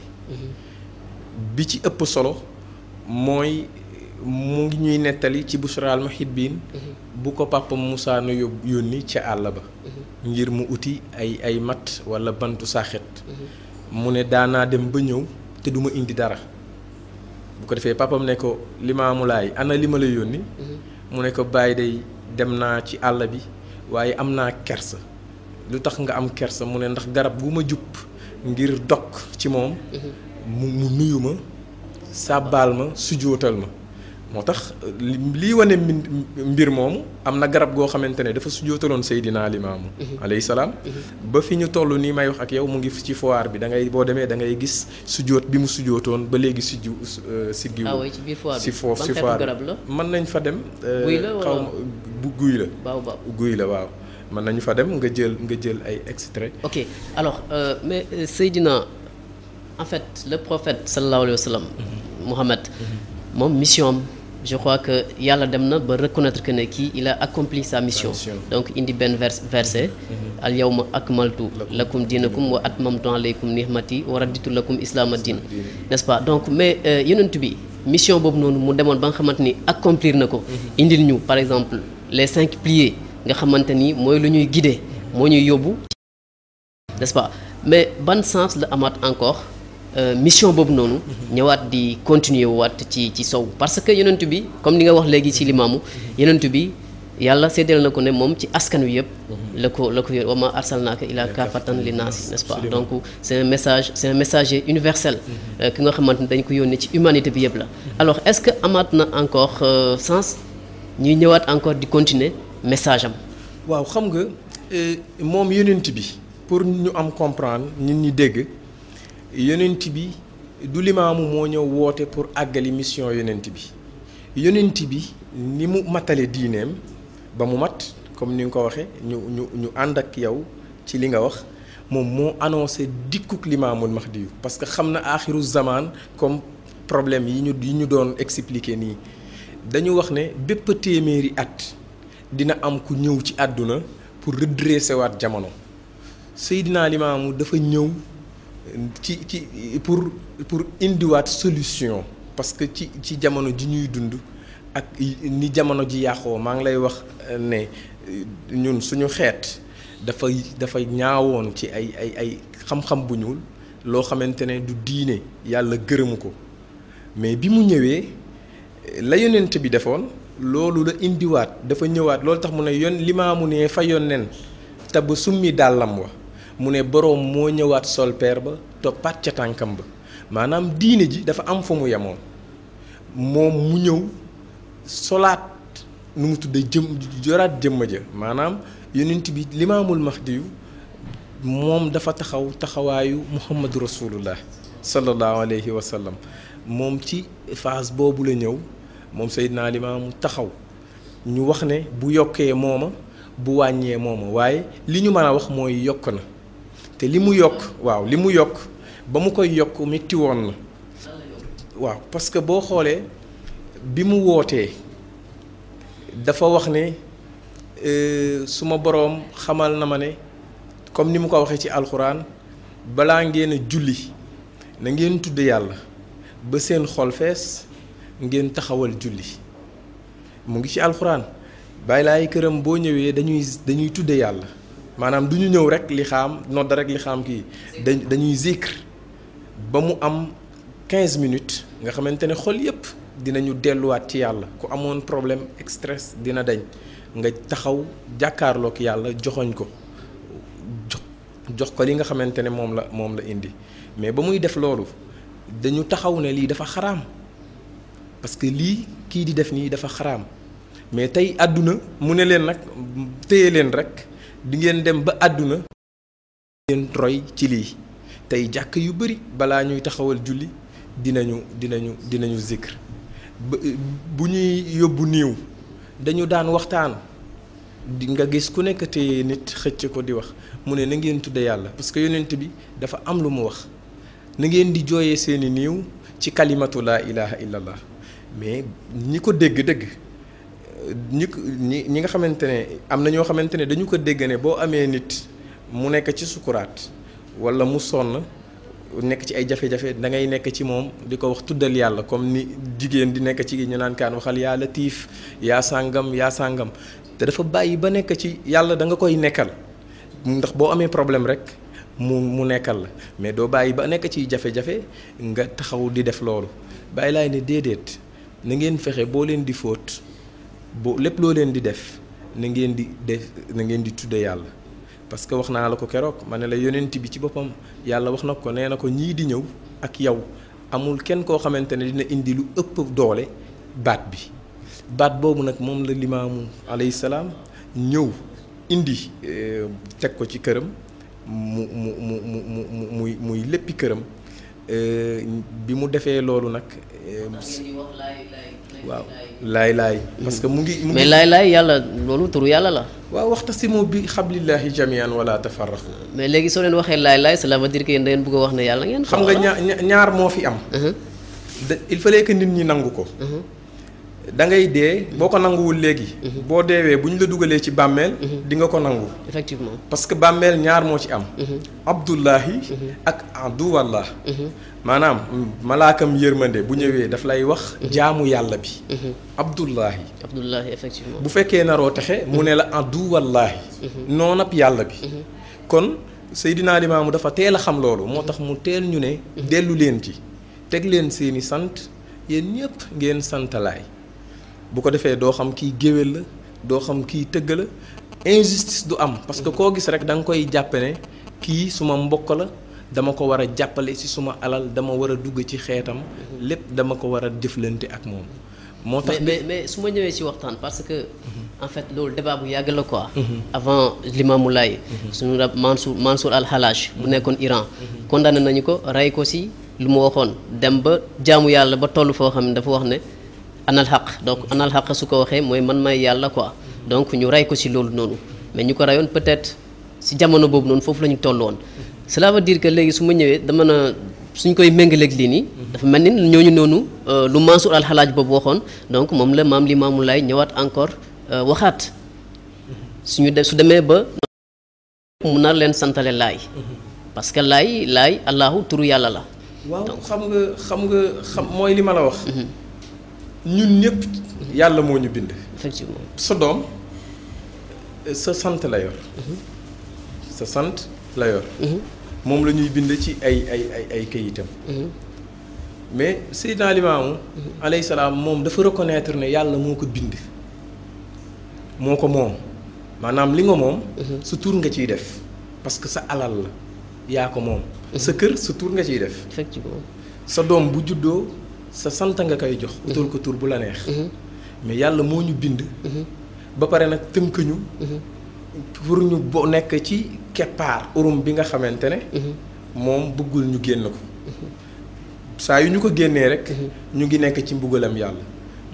bi ci ëpp solo mooy mu ngi ñuy nettali ci busraal muhibbin bu ko papa Moussa na yónni ca àll ba ngir mu uti ay ay mat wala bantu saaxet mhm. mu ne daanaa dem ba ñëw te duma indi dara bu ko defee papam ne ko limaamulaay ana li ma la yónni mm-hmm. mu ne ko bàyyi day dem naa ci àll bi waaye am naa kersa lu tax nga am kersa mu ne ndax garab gu ma jub ngir dog ci moom mm-hmm. mu nuyu ma sàbbaal ma sujootal ma moo tax lii wane mbir moomu am na garab goo xamante ne dafa sujjootaloon Seydina Limaamu mhm. alayhi salaam mhm. ba fi ñu toll nii may wax ak yow mu ngi ci foire bi da ngay boo demee da ngay gis sujjoot bi mu sujjootoon ba léegi sujju siggi si foofu si foire bi mën nañ fa dem euh, xaw ma bu guy la guy la waaw mën nañu fa dem nga jël nga jël ay extrait ok alors euh, euh Seydina en fait le prophète sallallahu alayhi wa sallam Muhammad mhm. moom mission am je crois que yàlla dem na ba reconnaître que ne kii il a accompli sa mission donc indi benn vers verset mhm. al yawma akmaltu lakum dinakum wa atmamtu alaykum nihmati wa raditu lakum islaama din n'est-ce pas donc mais euh, yonent bi mission boobu noonu mu demoon ba nga xamante ni accomplir na ko mhm. indil ñu par exemple les cinq piliers nga xamante ni mooy lu ñuy guider moo ñuy yóbbu n'est-ce pas mais ban sens la amaat encore Euh, mission boobu noonu. ñëwaat di continuer waat ci ci sow parce que yonent bi comme li nga wax léegi ci limaamu yonent bi yàlla seddeel na ko ne moom ci askan wi yëpp. la ko la ko yor wa ma arsalnaaka ila kaafatan li naas nest message c' mm-hmm. euh, ki nga xamante ne dañ ko yónnee ci humanité bi yëpp la. Mm-hmm. alors est ce que amaat na encore euh, sens ñuy ñëwaat encore di continuer message am. waaw xam nga moom yonent bi pour ñu am comprendre ñun ñu dégg. yonent bi du limaamu moo ñëw woote pour àggali mission yonent bi yonent bi ni mu matale diineem ba mu mat comme ni nga ko waxee ñu ñu ñu ànd ak yow ci li nga wax moom moo annoncé dikkuk limaamul mahdiyu parce que xam na aaxiru zamaan comme problème yi ñu yi ñu doon expliqué nii dañu wax ne bépp téeméeri at dina am ku ñëw ci àdduna pour redresser waat jamono Seydina Limaamu dafa ñëw ci ci pour pour indiwaat solution parce que ci ci jamono ji ñuy dund ak ni jamono ji yàqoo maa ngi lay wax euh, ne euh, ñun suñu xeet dafa dafa ñaawoon ci ay ay ay xam-xam bu ñuul loo xamante ne du diine yàlla gërëmu ko mais bi mu ñëwee la yonent bi defoon loolu la indiwaat dafa ñëwaat loolu tax mu ne yon limaamu ne fa yonnen te ba summi dàllam wa mu ne boroom moo ñëwaat sol peer ba toppaat ca tànkam ba maanaam diine ji dafa am fa mu yemoon moom mu ñëw solaat nu mu tuddee jëm joraat jëmm ja maanaam yonent bi limaamul mahdi yu moom dafa taxaw taxawaayu muhammadu rasulullah sallallahu alayhi wa sallam moom ci phase boobu la ñëw moom Seydina Limaamu taxaw ñu wax ne bu yokkee mooma bu wàññee mooma waaye li ñu mën a wax mooy yokk na te li mu yokk waaw li mu yokk ba mu koy yokk metti woon la waaw parce que boo xoolee bi mu wootee dafa wax ne euh, suma boroom xamal na ma ne comme ni mu ko waxee ci alxuraan balaa ngeen julli na ngeen tudd yàlla ba seen xol fees ngeen taxawal julli mu ngi ci alxuraan bàyyi laay këram boo ñëwee dañuy dañuy tudd yàlla maanaam du ñu ñëw rek li xaam nodda rek li xaam kii dañuy zikr ba mu am 15 minutes nga xamante ne xol yépp dinañu delluwaat ci yàlla ku amoon problème stress dina deñ nga taxaw jàkkaarlook yàlla joxoñ ko jox ko li nga xamante ne moom la moom la indi mais ba muy def loolu dañu taxaw ne lii dafa xaraam parce que lii kii di def nii dafa xaraam mais tey àdduna mu ne leen nag téye leen rek di ngeen dem ba àdduna ngeen roy ci lii tey jàkk yu bëri balaa ñuy taxawal julli dinañu dinañu dinañu zikr bu ñuy yóbbu niiw dañu daan waxtaan di nga gis ku nekk te nit xëcc ko di wax mu ne na ngeen tudde yàlla parce que yonent bi dafa am lu mu wax na ngeen di jooyee seeni niiw ci kalimatu laa ilaha illallah mais ñi ko dégg-dégg ñu ñi ñi nga xamante ne am na ñoo xamante ne dañu ko dégg ne boo amee nit mu nekk ci sukkuraat wala mu sonn nekk ci ay jafe-jafe da ngay nekk ci moom di ko wax tuddal yàlla comme ni jigéen di nekk ci ñu naan kaan waxal yaa latiif yaa sàngam yaa sàngam te dafa bàyyi ba nekk ci yàlla danga koy nekkal ndax boo amee problème rek mu mu nekkal la mais doo bàyyi ba nekk ci jafe-jafe nga taxaw di def loolu bàyyi laay ne déedéet na ngeen fexe boo leen di fóot bo lépp loo leen di def na ngeen di de na ngeen di tudd yàlla parce que wax naa la ko keroog ma ne la yonent bi ci boppam yàlla wax na ko nee na ko ñii di ñëw ak yow amul kenn koo xamante ne dina indi lu ëpp doole baat bi baat boobu nag moom la limaamu alayhi salaam ñëw indi eh, teg ko ci këram mu mu mu mu mu muy muy léppi këram eh, bi mu defee loolu nag. Eh, waaw laay laay parce que mu ngi mu ngi laay laay yàlla loolu turu yàlla la waaw si waxtasimu bi xablillahi jamian wala tafarraqu mais léegi soo leen waxee laay laay cela veut dire que yéen da ngeen bëgg a wax ne yàlla ngeen xam nga ñaar ñaar moo fi am uh-huh. il fa que nit ñi nangu ko uh-huh. da ngay dee boo ko nanguwul léegi. Mhm. boo deewee bu ñu la dugalee ci bàmmeel. Mhm. di nga ko nangu. effectivement parce que bàmmeel ñaar moo ci am. Mhm. abdullahi. ak aduwallah. maanaam malaakam yërmande bu ñëwee daf lay wax. jaamu yàlla bi. abdullahi. abdullahi effectivement bu fekkee naroo texe mu ne la aduwallahi. noonab yàlla bi. kon Seydina Limaamu dafa teel a xam loolu. moo tax mu teel ñu ne. dellu leen ci teg leen seeni sant yéen ñëpp ngeen santalaay. bu ko defee doo xam kii géwél la doo xam kii tëgg la injustice du am parce que koo gis rek da nga koy jàppe ne kii suma mbokk la dama ko war a jàppale ci suma alal dama war a dugg ci xeetam lépp dama ko war a jëflante ak moom moo tax mais mais su ma ñëwee ci waxtaan parce que mhm. en fait loolu débat bu yàgg la quoi mhm. avant Limamou Laye mhm. suñu rab Mansour Mansour al-Halaj bu nekkoon Iran condamné nañu ko rey ko ci lu mu waxoon dem ba jaamu yàlla ba toll foo xam ne dafa wax ne anal xaq donc anal xaq su ko waxee mooy man may yàlla quoi donc ñu rey ko si loolu noonu mais ñu ko reyoon peut-être si jamono boobu noonu foofu la ñu toll woon cela veut dire que léegi su ma ñëwee dama na suñ koy méngaleeg lii nii dafa mel ni ñooñu noonu euh, lu Mansour alxalaaj boobu waxoon donc moom la maam li maamu laay ñëwaat encore euh, waxaat suñu de su demee ba mu nar leen santale laay parce que laay laay allahu turu yàlla la waaw xam nga xam nga xam mooy li ma ñun ñëpp yàlla moo ñu bind. effectivement sa doom sa sant la yor. Mhm. sa sant la yor. Mhm. moom la ñuy bind ci ay ay ay ay kayitam. Mhm. mais Seydina Limaamu alayhi salaam moom dafa reconnaître ne yàlla moo ko bind moo ko moom maanaam li nga moom sa tur nga ciy def parce que sa alal la yaa ko moom sa kër sa tuur nga ciy def effectivement sa bu juddoo sa sant nga koy jox. Mhm. utal ko tur bu la neex. Mhm. mais yàlla moo ñu bind. Mhm. ba pare nag tënk ñu. pour ñu bo nekk ci keppaar. urum bi nga xamante ne. moom bëggul ñu génn ko. saa yu ñu ko génnee rek. ñu ngi nekk ci mbugalam yàlla.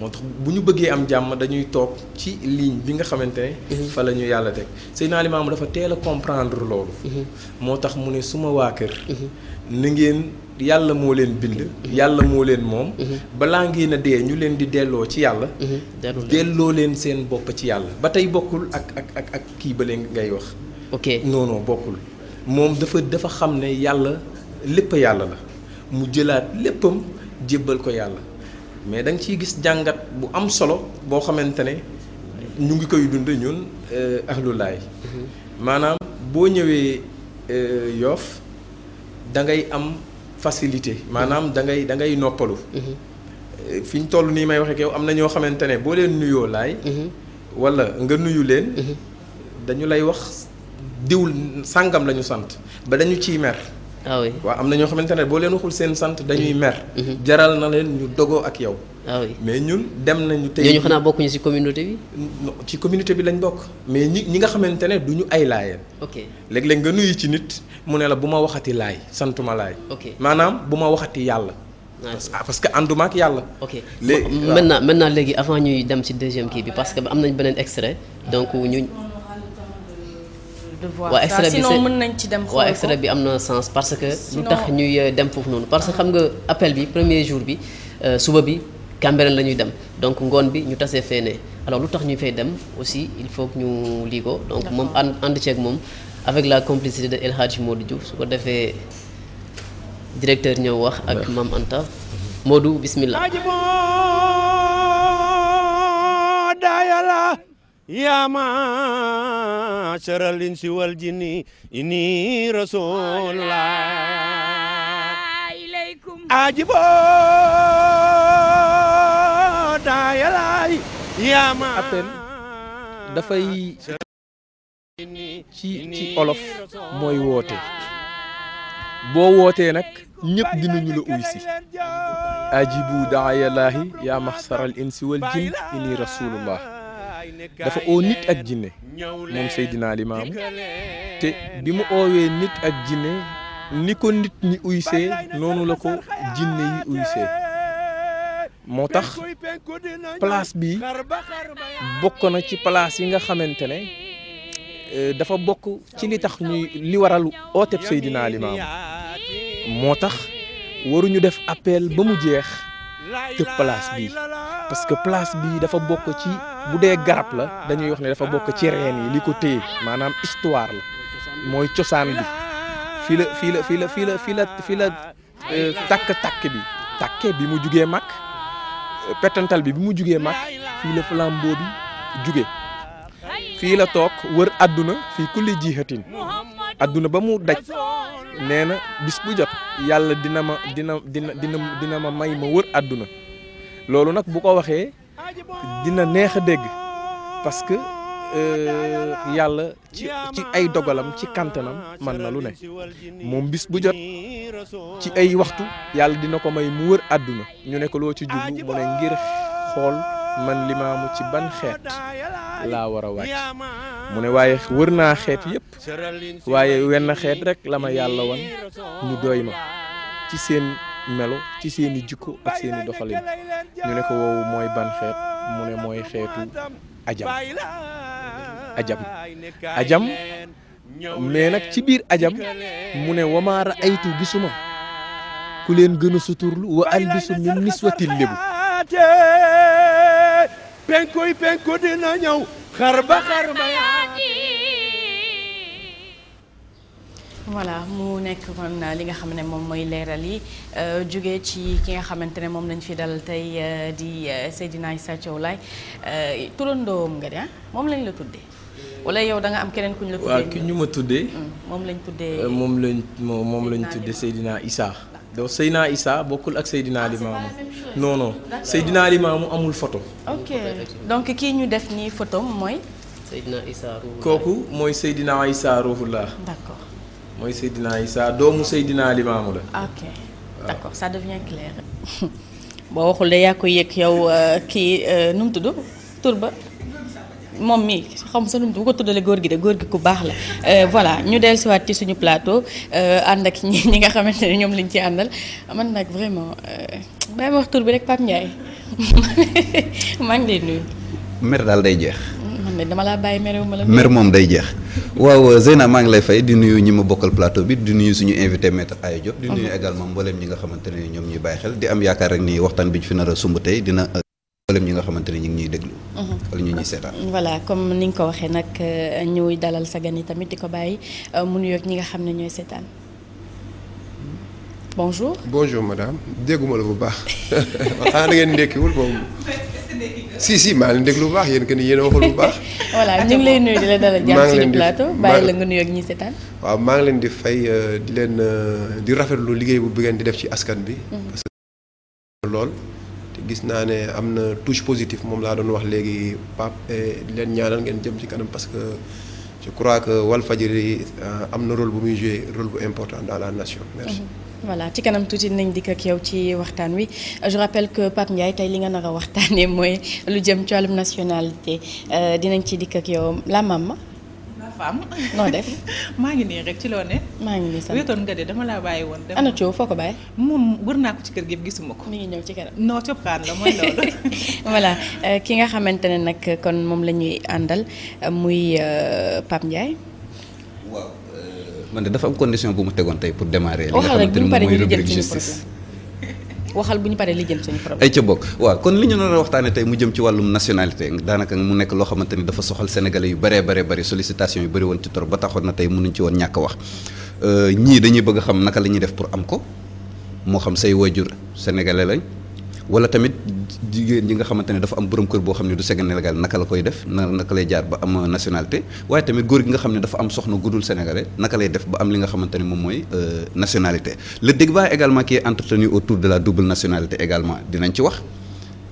moo tax bu ñu bëggee am jàmm dañuy toog ci ligne bi nga xamante ne. Mhm. fa la ñu yàlla teg Seydina Limaamu dafa teel a comprendre loolu. Mhm. moo tax mu ne suma waa kër. Mhm. ni ngeen yàlla moo leen bind. yàlla moo leen moom. balaa ngeen a dee ñu leen di delloo ci yàlla. delloo leen seen bopp ci yàlla ba tey bokkul ak ak ak ak kii ba leen ngay wax. ok non bokkul moom dafa dafa xam ne yàlla lépp yàlla la mu jëlaat léppam jébbal ko yàlla. mais da nga ciy gis jàngat bu am solo boo xamante ne ñu ngi koy dund ñun euh, laay mm-hmm. maanaam boo ñëwee euh, yoof da ngay am facilité maanaam dangay ngay da ngay noppalu mm-hmm. euh, fi ñu toll nii may waxee ak am na ñoo xamante ne boo leen nuyoo laay mm-hmm. wala nga nuyu leen dañu lay wax diw sàngam lañu sant ba dañu ciy mer ah oui waaw am na ñoo xamante ne boo leen waxul seen sant dañuy mm-hmm. mer. Mm-hmm. jaral na leen ñu dogoo ak yow. Ah mais ñun dem nañu. tey ñooñu xanaa bokkuñu ci communauté bi. ci communauté bi lañ bokk mais ñi ñi nga xamante ne du ñu ay laayeen. ok léeg-léeg nga nuyu ci nit mu ne la bu ma waxati laay santuma laay. ok maanaam bu ma waxati yàlla. Ah ah, parce que ànduma ak yàlla. ok léegi maintenant maintenant léegi avant ñuy dem ci deuxième kii bi parce que am nañ beneen extrait donc de voix. waaw extrait bi sinon mën dem xool waaw extrait bi am na sens parce que. lu tax ñuy euh, dem foofu noonu. parce que xam nga appel bi premier jour bi euh, suba bi Cambérène la ñuy dem donc ngoon bi ñu tasee fee ne lu tax ñu fay dem aussi il faut que ñu lii ko donc moom ànd ànd ceeg moom avec la complicité de El Hadj Modou Diouf su ko defee directeur ñëw wax ak Mame Anta Modou bismillah. يا معشر الإنس والجن إني رسول الله إليكم wootee nag ñëpp dinañu la uy si ajibu daaya laahi yaa maxsaral insi wal jin rasulullah dafa oo nit ak jinne moom Seydina Limaamu te bi mu oowee nit ak jinne ni ko nit ñi uysee noonu la ko jinne yi uysee moo tax place bi bokk na ci place yi nga xamante ne euh, dafa bokk ci li tax ñuy li waral ooteb Seydina Limaamu moo tax waruñu def appel ba mu jeex ci place bi parce que place bi dafa bokk ci bu dee garab la dañuy wax ne dafa bokk ci reen yi li ko téye maanaam histoire la mooy cosaan bi fii la fii la fii la fii la fii la fii la takk-takk euh, bi takke bi mu jugee mag euh, pétantal bi bi mu jugee mag fii la flambeau bi juge fii la toog wër àdduna fii kulli jihatin adduna ba mu daj nee na bis bu jot yàlla dina ma dina dina dina dina ma may ma wër àdduna loolu nag bu ko waxee dina neex a dégg parce que euh, yàlla ci ci ay dogalam ci kantanam mën na lu ne moom bis bu jot ci ay waxtu yàlla dina ko may mu wër àdduna ñu ne loo ci jublu mu ne ngir xool man limaamu ci ban xeet laa war a wàcc mu ne waaye wër naa xeet yépp waaye wenn xeet rek la ma yàlla wan ñu doy ma ci seen melo ci seeni jikko ak seeni doxalin ñu ne ko woowu mooy ban xeet mu ne mooy xeetu ajam ajam ajam nag ci biir ajam mu ne wamaara aytu suma ku leen gën suturlu wa albisu min niswatil lébu penkoy penko dina ñëw xar ba xar ba voilà mu nekk kon li nga xam ne moom mooy leeral yi euh, jóge ci ki nga xamante ne moom lañ fi dalal tey euh, di euh, Seydina Issa Thiaw Laye turandoom nga de ah? moom lañ la tuddee wala yow da nga am keneen ku ñu la tuddee ñu ma tuddee hmm, moom lañ tuddee moom lañ moom lañ tuddee Seydina Issa donc Seydina Issa bokkul ak Seydina ah, Limaamu non non Seydina Limaamu amul photo ok donc kii ñu def nii photo mooy. kooku mooy Seydina Issa Ruhullah. d'accord mooy Seydina Issa doomu Seydina Limaamu la. ok d'accord boo waxul de yaa ko yëg yow euh, kii euh, nu mu tudd moom mi xam sa nu bu ko tuddale góor gi de góor gi ku baax la euh, voilà ñu dellusiwaat ci suñu plateau euh, ànd ak ñi ñi nga xamante ne ñoom lañ ci àndal man nag vraiment euh, bàyyi ma bi rek Pape Ndiaye maa ngi lay nuyu. mer daal day jeex. man de dama laa la. mer moom day jeex waaw ñi ma bokkal plateau bi di nuyu suñu invité maître Ayo Diop. di nuyu également mbooleem ñi nga xamante ne ñoom ñuy bàyyi xel di am yaakaar rek ni waxtaan bi ñu fi nar a sumb tey dina problème ñi nga xamante ne ñu ngi ñuy déglu. Mhm. wala ñu ñuy seetaan. voilà comme ni nga ko waxee nag euh, ñuy dalal sa gan yi tamit di ko bàyyi euh, mu nuyoog ñi nga xam ne ñooy seetaan bonjour. bonjour madame dégguma la bu baax xanaa da ngeen ndékkiwul boobu. si si maa ngi leen déglu bu baax yéen que ni yéen waxul bu baax. voilà ñu ngi lay nuyu di la dalal jàmm ci plateau bàyyi la nga nuyoog ñi seetaan. waaw maa ngi leen di fay euh, di leen di rafetlu liggéey bu bi ngeen di def ci askan bi. Mhm. lool. gis naa ne am na touche positive moom laa doon wax léegi Pape leen ñaanal ngeen jëm ci kanam parce que je crois que Walfadjri euh, am na rôle bu muy joué rôle bu important dans la nation. merci mhm. voilà ci kanam touti nañ dikk ak yow ci waxtaan wi je rappelle que Pape Ndiaye tey li nga nar a waxtaanee mooy lu jëm ci wàllum nationalité euh, dinañ ci dikk ak yow la mama am noo def maa ngi nii rek ci loo ne. maa ngi nii sax wéetoon nga de dama laa bàyyi woon. ana coow foo ko bàyyi. moom wër naa ko ci kër gi gisuma ko. mi ngi ñëw ci noo non copkaan la mooy loolu. voilà euh, ki nga xamante ne nag kon moom lañuy àndal euh, muy euh, Pape Ndiaye. waaw man de dafa am condition bu mu tegoon tey pour démarrer. li nga xamante ne moom mooy rubrique waxal bu ñu paree li jëm suñu problème. ay ca bokk waaw kon li ñu doon waxtaanee tey mu jëm ci wàllum nationalité daanaka mu nekk loo xamante ni dafa soxal sénégalais yu bëree bëree bëri sollicitation yu bëri woon ci trop ba taxoon na tey mënuñ ci woon ñàkk wax euh, ñii dañuy bëgg xam naka la ñuy def pour am ko moo xam say wajur sénégalais lañ wala tamit jigéen ñi nga xamante ne dafa am borom kër boo xam ne du Sénégal naka la koy def na naka lay jaar ba am nationalité waaye tamit góor gi nga xam ne dafa am soxna gudul sénégalais naka lay def ba am li nga xamante ne moom mooy euh, nationalité le débat également qui est entretenu autour de la double nationalité également dinañ ci wax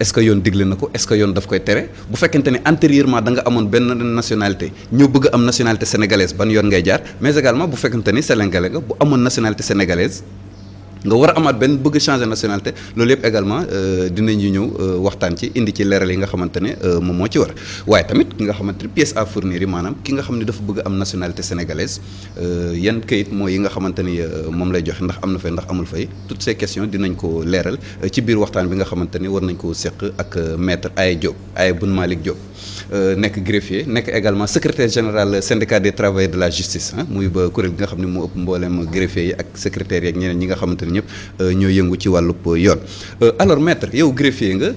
est-ce que yoon digle na ko est-ce que yoon daf koy tere bu fekkente ne antérieurement da nga amoon benn nationalité ñëw bëgg am nationalité sénégalaise ban yoon ngay jaar mais également bu fekkente ni sénégalais nga bu amoon nationalité nga war a amaat benn bëgg changer nationalité loolu yëpp également euh, dinañu ñëw euh, waxtaan ci indi ci leeral yi nga xamante ne euh, moom moo ci war waaye tamit ki nga xamante ne pièce à fournir yi maanaam ki nga xam ni dafa bëgg am nationalité sénégalaise yan kayit mooy yi nga xamante ni moom lay joxe ndax am na fay ndax amul fay toutes ces questions dinañ ko leeral ci biir waxtaan bi nga xamante ni war nañ ko séq ak maître Aye Diop Aye Boun Malick Diop Euh, nekk greffier nekk également secrétaire général syndicat des travailleurs de la justice muy ba kuréel gi nga xam ne moo ëpp mbooleem greffier yi ak secrétaire yeeg ñeneen ñi nga xamante ne euh, ñoo yëngu ci wàllub yoon euh, alors yow greffier nga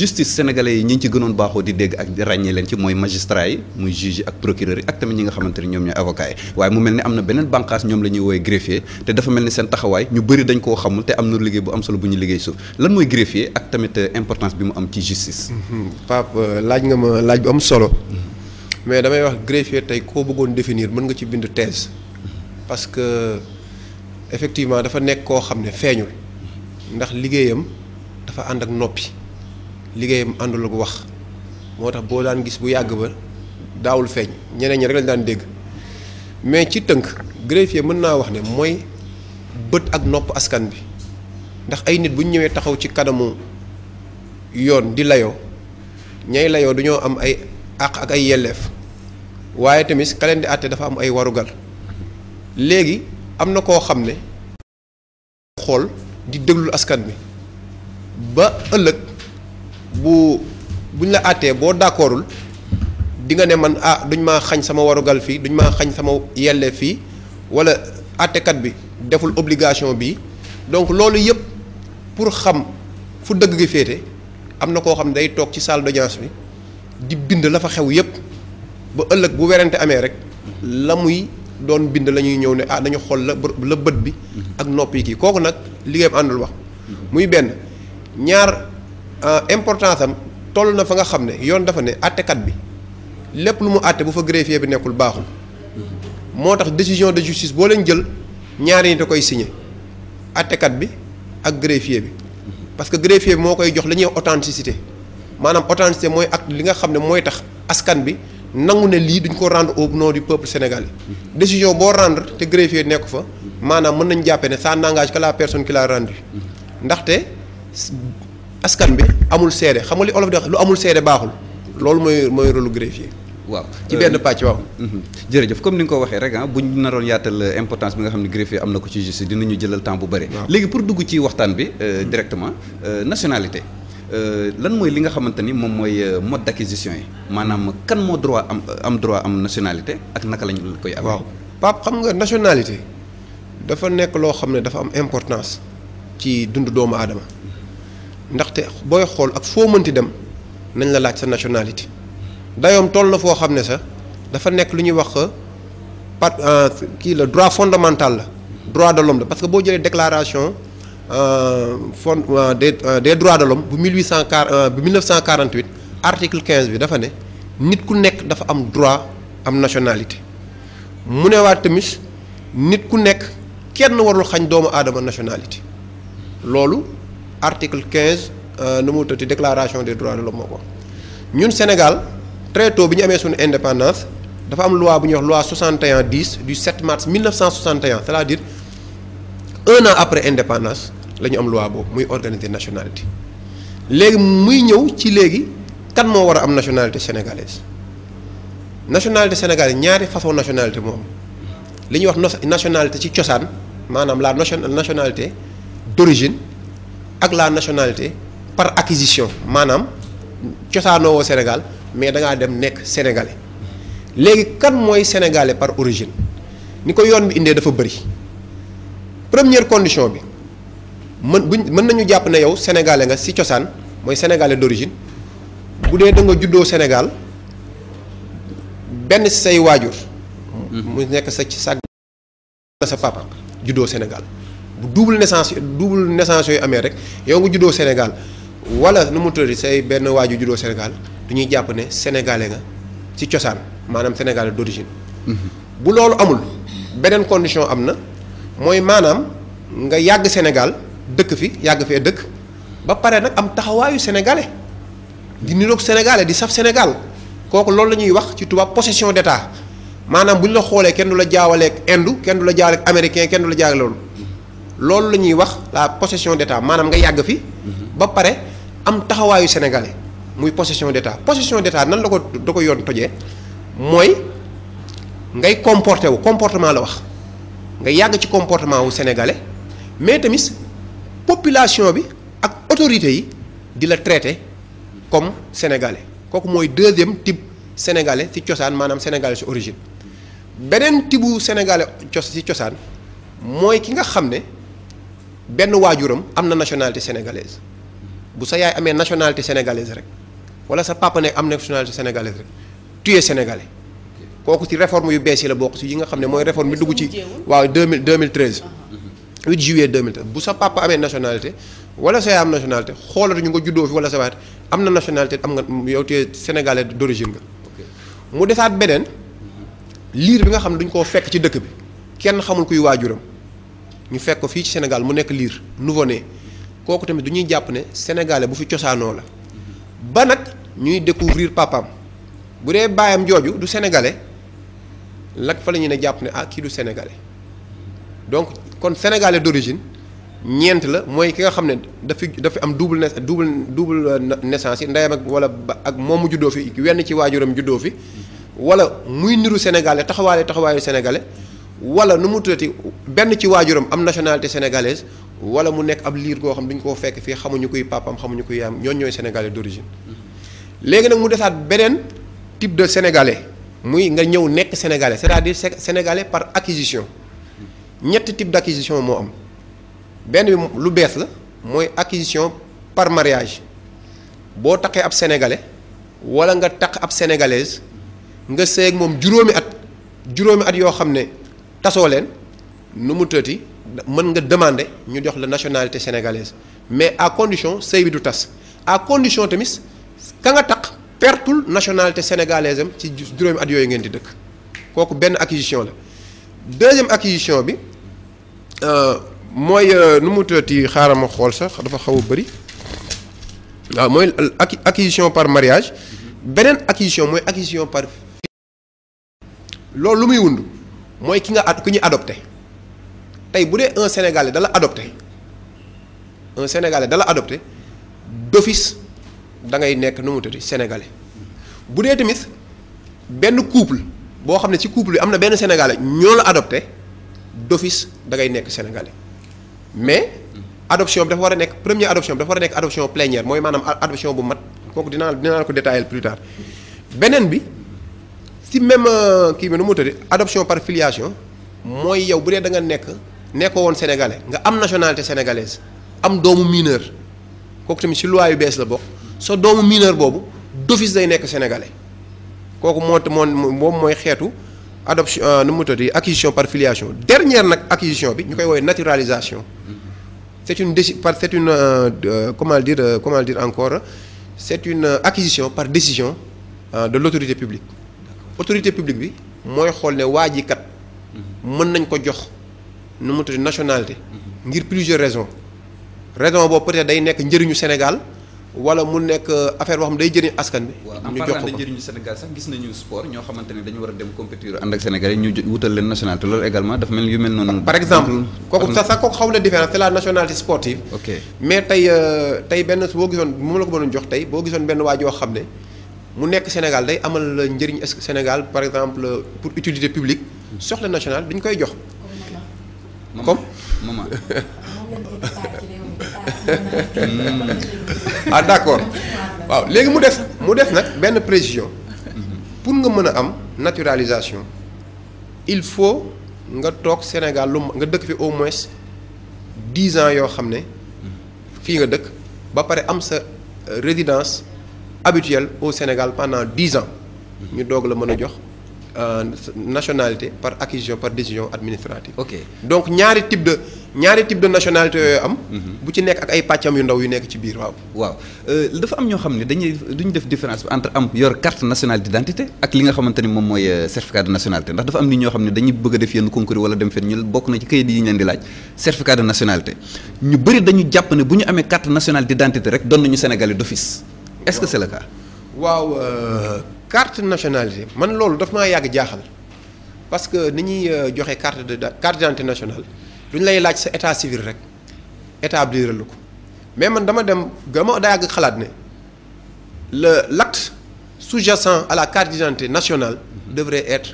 justice sénégalais yi ñi ngi ci gënoon baaxoo di dégg ak ràññee leen ci mooy magistrat yi muy juge ak procureur yi ak tamit ñi nga xamante ñoom ñooy avocat yi waaye mu mel ne am na beneen bànqaas ñoom la ñuy woowee bi mu solo mais damay wax greffier tey ko bëggoon définir mën nga ci bind thèse parce que effectivement dafa nekk koo xam ne feeñul ndax liggéeyam dafa ànd ak noppi liggéeyam àndul ak wax moo tax boo daan gis bu yàgg ba daawul feeñ ñeneen ñi rek lañ daan dégg mais ci tënk greffier mën naa wax ne mooy bët ak nopp askan bi ndax ay nit bu ñëwee taxaw ci kanamu yoon di layoo ñay layoo dañoo am ay àq ak ay yelleef waaye tamit ka leen di àtte dafa am ay warugal léegi am na koo xam ne xool di déglu askan bi ba ëllëg bu buñ la àttee boo d'accordul di nga ne man ah duñ ma xañ sama warugal fii duñ ma xañ sama yelleef fii wala àttekat bi deful obligation bi donc loolu yëpp pour xam fu dëgg gi féete am na koo xam day toog ci salle d'audience bi di bind la fa xew yépp ba ëllëg bu werante amee rek la muy doon bind la ñuy ñëw ne ah dañu xool la bët bi ak nopp yi kii kooku nag liggéeyam àndul wax muy benn ñaar ah, importance am toll na fa nga xam ne yoon dafa ne àttekat bi lépp lu mu àtte bu fa greffier bi nekkul baaxul moo tax décision de justice boo leen jël ñaari nit a koy signé àttekat bi ak greffier bi parce que greffier bi moo koy jox la ñuy maanaam authenticité mooy ak li nga xam ne mooy tax askan bi nangu ne lii duñ ko rendre au nom di peuple sénégalais décision boo rendre te greffier nekk fa maanaam mën nañ jàppee ne ça n'engage que la personne qui l'a rendu ndaxte askan bi amul seede xam nga li olof di lu amul seede baaxul loolu mooy mooy rôle greffier waaw ci benn euh, pàcc waaw. Mhm. jërëjëf comme ni nga ko waxee rek ah buñ naroon yaatal euh, importance bi nga xam ne greffier am na ko ci justice dinañu jëlal temps bu bëri. léegi pour dugg ci waxtaan bi. Euh, directement nationalité. Euh, lan mooy li nga xamante ni moom mooy euh, mode d'acquisition yi maanaam kan moo droit am euh, am droit am nationalité ak naka lañ koy am waaw Pape xam nga nationalité dafa nekk loo xam ne dafa am importance ci dundu doomu aadama ndaxte booy xool ak foo mënti dem nañ la laaj sa nationalité dayoom toll na foo xam ne sax dafa nekk lu ñuy wax pat kii la droit fondamental la droit de l'homme la parce que boo jëlee déclaration fond euh, des euh, des droits de l'homme bu mil 1840 euh, bu 1948 article 15 bi dafa ne nit ku nekk dafa am droit am nationalité mu ne waat tamit nit ku nekk kenn warul xañ doomu aadama nationalité loolu article 15 nu mu tëtti declaration des droits de l'homme moo ko ñun Sénégal très tôt bi ñu amee suñu indépendance dafa am loi bu ñuy wax loi 61 10 du 7 mars 1961 c'est-à-dire un an après indépendance la ñu am loi boobu muy organiser nationalité léegi muy ñëw ci léegi kan moo war a am nationalité sénégalaise nationalité sénégalaise ñaari façon nationalité moom li ñuy wax nationalité ci cosaan maanaam la nationalité d'origine ak la nationalité par acquisition maanaam cosaanoo Sénégal mais da dem nekk sénégalais léegi kan mooy sénégalais par origine ni ko yoon bi indee dafa bëri première condition bi. mën buñ mën nañu jàpp ne yow sénégalais nga si cosaan mooy sénégalais d'origine bu dee da nga juddoo Sénégal benn say waajur. mu nekk sa ci sag sa papa juddoo Sénégal bu double naissance double naissance yooyu amee rek yow nga juddoo Sénégal wala nu mu tëddee say benn waajur juddoo Sénégal du ñuy jàpp ne sénégalais nga ci cosaan maanaam sénégalais d'origine. bu loolu amul beneen condition am na mooy maanaam nga yàgg Sénégal. dëkk fi yàgg fee dëkk ba pare nag am taxawaayu sénégalais di niroog sénégalais di saf Sénégal kooku loolu la ñuy wax ci tubaab possession d'état maanaam bu ñu la xoolee kenn du la jaawaleeg indu kenn du la jaawaleeg américain kenn du la jaawale loolu loolu la ñuy wax la possession d'état maanaam nga yàgg fi mhm. ba pare am taxawaayu sénégalais muy possession d'état possession d'état nan la ko da ko yoon tojee mooy ngay comporté wu comportement la wax nga yàgg ci comportement wu sénégalais mais tamit population bi ak autorité yi di la traité comme sénégalais kooku mooy deuxième type sénégalais ci cosaan maanaam sénégalais ci origine beneen tibu sénégalais cos ci cosaan mooy ki nga xam ne benn waajuram am na nationalité sénégalaise bu sa yaay amee nationalité sénégalaise rek wala sa papa ne am nationalité sénégalaise rek tu es sénégalais kooku ci réforme yu bees yi la bokk ci yi nga xam ne mooy réforme bi dugg ci waaw 8 juillet 2013 bu sa papa amee nationalité wala sa am nationalité xoolatuñu nga juddoo fi wala sa waay am na nationalité am nga yow tee sénégalais d'origine nga. mu defaat beneen liir bi nga xam ne duñ koo fekk ci dëkk bi kenn xamul kuy waajuram ñu fekk ko fii ci Sénégal mu nekk liir nouveau-né kooku tamit du ñuy jàpp ne sénégalais bu fi cosaanoo la ba nag ñuy découvrir papaam bu dee baayam jooju du sénégalais lak fa la ñuy ne jàpp ne ah kii du sénégalais donc. kon sénégalais d'origine ñeent la mooy ki nga xam ne dafi dafi am double na double double euh, naissance yi ndeyam ak wala ba ak moomu juddoo fi wenn ci waajuram juddoo fi wala muy niru sénégalais taxawaale taxawaayu sénégalais wala nu mu tuddati benn ci waajuram am nationalité sénégalaise wala mu nekk ab liir goo xam duñ koo fekk fii xamuñu kuy papam xamuñu kuy yaayam ñooñ ñooy sénégalais d'origine léegi nag mu desaat beneen type de sénégalais muy nga ñëw nekk sénégalais c'est-à-dire par acquisition ñetti type d' acquisition moo am benn bi lu bees la mooy acquisition par mariage boo taxee ab sénégalais wala nga taq ab sénégalaise nga seeg moom juróomi at juróomi at yoo xam ne tasoo leen nu mu tëti mën nga demander ñu jox la nationalité sénégalaise mais à condition sëy bi tas à condition tamit ka nga taq pertul nationalité sénégalaise am ci juróomi at yooyu ngeen di dëkk kooku benn acquisition la deuxième acquisition bi Euh, mooy euh, nu mu tëddee xaaral ma xool sax dafa xaw a bëri waaw mooy acqui acquisition par mariage beneen acquisition mooy acquisition par. loolu lu muy wund mooy ki nga ad ki ñu adopté tey bu dee un sénégalais dala adopté un sénégalais dala adopté dofis da ngay nekk nu mu tëddee sénégalais bu dee tamit benn couple boo xam ne ci couple bi am na benn sénégalais ñoo la adopté. dofis da ngay nekk sénégalais mais adoption bi dafa war a nekk première adoption bi dafa war a nekk adoption plénière mooy maanaam adoption bu mat kooku dinaa dinaa la ko détailler plus tard beneen bi si même euh, kii bi nu mu tëddee adoption par filiation mooy yow bu dee da nga nekk nekkoo woon sénégalais nga am nationalité sénégalaise am doomu mineur kooku tamit si loi bees la bokk sa doomu mineur boobu d'office day nekk sénégalais kooku moo moo moom mooy xeetu. adoption euh, nu mu tuddati acquisition par filiation dernière nag acquisition bi ñu koy woy naturalisation c'est une déci par c'est une euh, euh comment dire euh, comment dire encore c'est une acquisition par décision euh, de l'autorité publique autorité publique bi mooy xool ne waa ji kat mhm. mën nañ ko jox nu mu tuddati nationalité mhm. ngir plusieurs raisons raison boobu peut day nekk njëriñu Sénégal wala mu nekk euh, affaire boo xam day jëriñ askan bi. ñu jox ko waaw en njëriñu Sénégal sax gis nañu sport ñoo xamante ne dañu war a dem compétir ànd ak Sénégalais leen nationalité loolu également dafa mel yu mel noonu. par exemple kooku sax sax tey euh, tey benn boo gisoon moom la ko mënoon jox tey boo gisoon benn waa joo xam mu nekk Sénégal day amal njëriñ Sénégal par exemple pour utilité publique soxla nationale dañ koy jox. comme ah d'accord waaw léegi mu des mu des nag benn précision pour nga mën a am naturalisation il faut nga toog Sénégal lu nga dëkk fi au moins dix ans yoo xam ne fii nga dëkk ba pare am sa euh, résidence habituelle au Sénégal pendant dix ans ñu doog la mën a jox. Euh, nationalité par acquisition par décision administrative. ok donc ñaari type de ñaari type de nationalité yooyu am. Mhm. bu ci nekk ak ay pàccam yu ndaw yu nekk ci biir waaw. waaw euh, dafa am ñoo xam ne dañuy duñu def différence bi entre am yor carte nationale d'identité ak li nga xamante ni moom mooy euh, certificat de nationalité ndax dafa am ni ñoo xam ne dañuy bëgg def yenn concours wala dem fenn ñu bokk na ci yi ñu leen di laaj certificat de nationalité ñu bëri dañu jàpp ne bu ñu amee carte nationale d'identité rek doon nañu Sénégalais d'office. est-ce que c'est le cas. carte nationalité man loolu daf maa yàgg jaaxal parce que ni ñuy euh, joxe carte de carte d'identité nationale duñ lay laaj sa état civil rek établir la ko mais man dama dem dama daa xalaat ne le l'acte sous-jacent à la carte d'identité nationale devrait être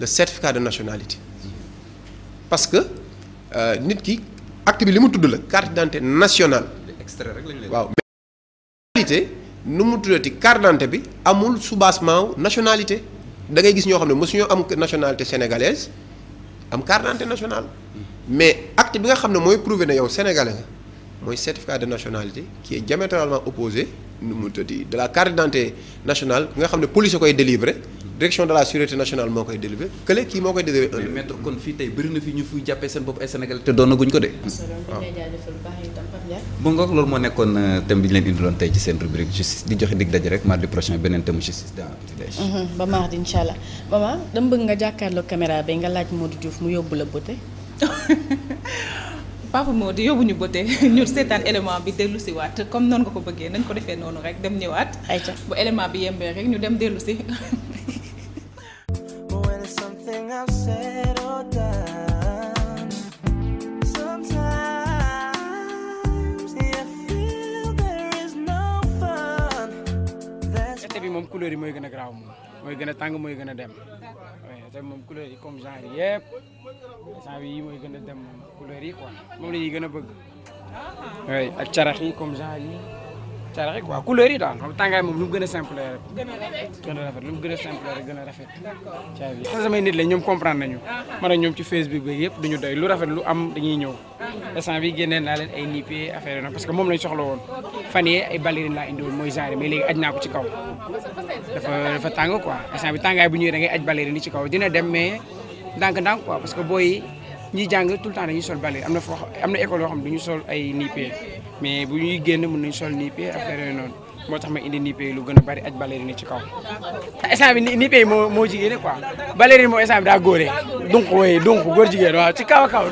le certificat de nationalité parce que euh, nit ki acte bi li mu tudd la carte d'identité nationale. extrait rek lañ lay waaw mais nu mu tuddati carte d'identité bi amul soubassement nationalité dangay gis ñoo xam ne mosuñoo am nationalité sénégalaise am carte d'identité nationale mais acte bi nga xam ne mooy prouver ne yow sénégalais nga mooy certificat de nationalité qui est diamétralement opposé nu mu tëddi de la carte d'identité nationale nga xam ne police koy délivrer direction de la sûreté nationale moo koy délivrer kële kii moo koy délivrer. mais kon fii tey bëri na ñu fuy jàppee seen bopp ay Sénégalais te doon na guñ ko de. waaw nga moo nekkoon euh, thème bi le mhm, ba mardi incha allah maman dama bëgg nga jàkkaarloo caméra bi nga laaj Modou Diouf mu yóbbu la beauté. Papa Modou di beauté ñu seetaan élément bi dellu si waat comme noonu nga ko bëggee nañ ko defee noonu rek dem ñëwaat. ayca bu élément bi yembee rek ñu dem dellu si. été bi moom couleur yi mooy gën a garaaw moom mooy gën a tàng mooy gën a dem. waaw te moom couleur yi comme genre yëpp. instant bii mooy gën a dem couleur yi quoi moom la ñuy gën a bëgg. oui ak carax yi comme genre yi carax yi quoi couleur yi daal xam tàngaay moom lu mu gën a simple rek. gën a rafet gën a rafet lu mu gën a simple rek gën a rafet. caabi yi samay nit la ñoom comprendre nañu. Ah, ah. man ak ñoom ci Facebook bi yëpp duñu doy lu rafet lu am dañuy ñëw. Ah, instant bi génnee naa leen ay nippé affaire yi parce que moom lañ soxla woon fan yee ay ballerine laa indiwoon mooy genre mais léegi aj naa ko ci kaw. dafa dafa tàng quoi instant bi tàngaay bu ñëwee da ngay aj ballerine ci kaw dina dem mais ndànk-ndànk quoi parce que booy yi ñiy jàng tout le temps dañuy sol bale am na foo am na école yoo xam ne du ñu sol ay nippee mais bu ñuy génn mën nañu sol nippee affaire yooyu noonu moo tax ma indi nippee lu gën a bari ak ballerine ci kaw. instant bi nippee moo moo jigéen quoi ballerine moo instant bi daa góore donc wooyee donc góor jigéen waaw ci kaw a kaw.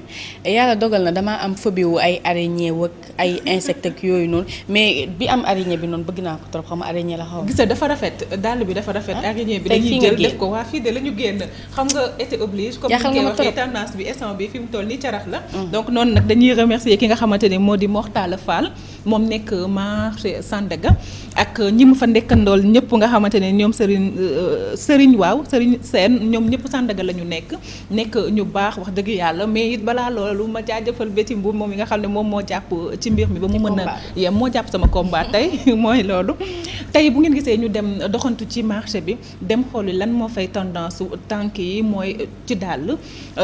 yàlla dogal na dama am phobie wu ay araignée wak ay insectes ak yooyu noonu mais bi am araignée bi noonu bëgg naa ko trop xam nga araignée la xaw ma. gis nga dafa rafet dàll bi dafa rafet. Ah, araignée bi dañuy jël def ko waa fii de la ñu génn xam nga été oblige. comme ni nga waxee tendance bi instant bi fi mu toll nii carax la. Mm. donc noonu nag dañuy remercier ki nga xamante moo di Mortala Fall moom nekk marché Sandaga ak ñi mu fa nekkandool ñëpp nga xamante ne ñoom Serigne euh, Serigne waaw sëriñ Sène ñoom ñëpp Sandaga la ñu nekk nekk ñu baax wax dëgg yàlla mais it balaa loolu ma jaajëfal Betty mi nga xam ne moom moo jàpp ci mbir mi ba mu mën a yem moo jàpp sama combat mm-hmm. tey mooy loolu tey bu ngeen gisee ñu dem doxantu ci marché bi dem xooli lan moo fay tendance tànk yi mooy ci dàll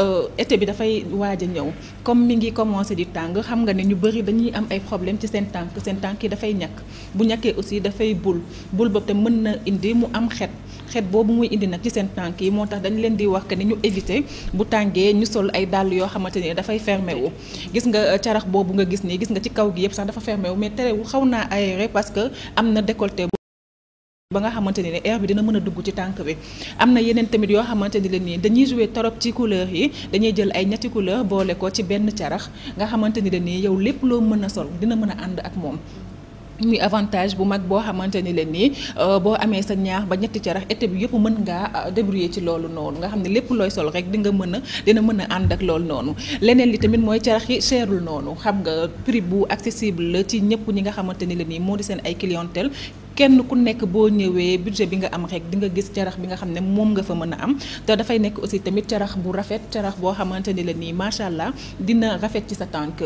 euh, été bi dafay waaj a ñëw comme mi ngi commencé di tàng xam nga ne ñu bëri dañuy am ay problème ci seen tànk seen tànk yi dafay ñàkk bu ñàkkee aussi dafay bul bul boobu te mën na indi mu am xet xet boobu muy indi nag ci seen tànk yi moo tax dañ leen di wax que ni ñu éviter bu tàngee ñu sol ay dàll yoo xamante ni dafay fermé wu gis nga euh, carax boobu nga gis nii gis nga ci kaw gi yëpp sax dafa fermé mais tere wu xaw naa aéré parce que am na décolleté ba nga xamante ni ne air bi dina mën a dugg ci tànk bi am na yeneen tamit yoo xamante ni leen nii dañuy jouer torop ci couleur yi dañuy jël ay ñetti couleur boole ko ci benn carax nga xamante ni leen nii yow lépp loo mën a sol dina mën a ànd ak moom muy avantage bu mag boo xamante ni leen nii euh, boo amee sa ñaax ba ñetti carax été bi yëpp mën nga euh, débrouiller ci loolu noonu nga xam ne lépp looy sol rek di nga mën a dina mën a ànd ak loolu noonu leneen li tamit mooy carax yi seerul noonu xam nga prix bu accessible la ci ñëpp ñi nga xamante ni leen nii moo di seen ay clientèle kenn ku nekk boo ñëwee budget bi nga am rek di nga gis carax bi nga xam ne moom nga fa mën a am te dafay nekk aussi tamit carax bu rafet carax boo xamante ni la nii macha allah dina rafet ci sa tànk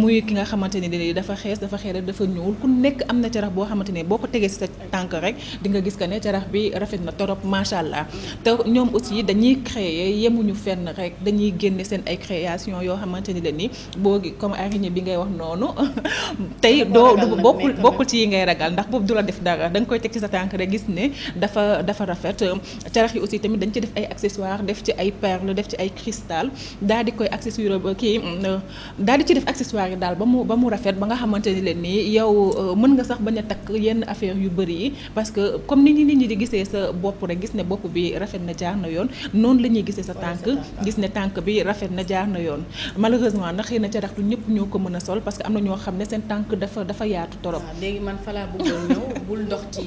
muy ki nga xamante ni la nii dafa xees dafa xeere dafa ñuul ku nekk am na carax boo xamante ne boo ko tegee ci sa tànk rek di nga gis que ne carax bi rafet na torop macha allah te ñoom aussi dañuy créer yemuñu fenn rek dañuy génne seen ay création yoo xamante ni la nii boo comme araignée bi ngay wax noonu tey doo bokkul bokkul ci yi ngay ragal ndax boobu du la def def dara koy teg ci sa tànk rek gis ne dafa dafa rafet carax yi aussi tamit dañ ci def ay accessoires def ci ay perles def ci ay cristal dal di koy accessoire kii euh, daal di ci def accessoires yi daal ba mu ba mu rafet ba nga xamante ni leen nii yow euh, mën nga sax bañ a takk yenn affaire yu bëri yi parce que comme ni ñi nit ñi di gisee sa bopp rek gis ne bopp bi rafet na jaar na yoon noonu la ñuy gisee sa tànk gis ne tànk bi rafet na jaar na yoon malheureusement na xëy na carax du ñëpp ñoo ko mën a sol parce que am na ñoo xam ne seen tànk dafa dafa yaatu torop léegi man fa bul dox ci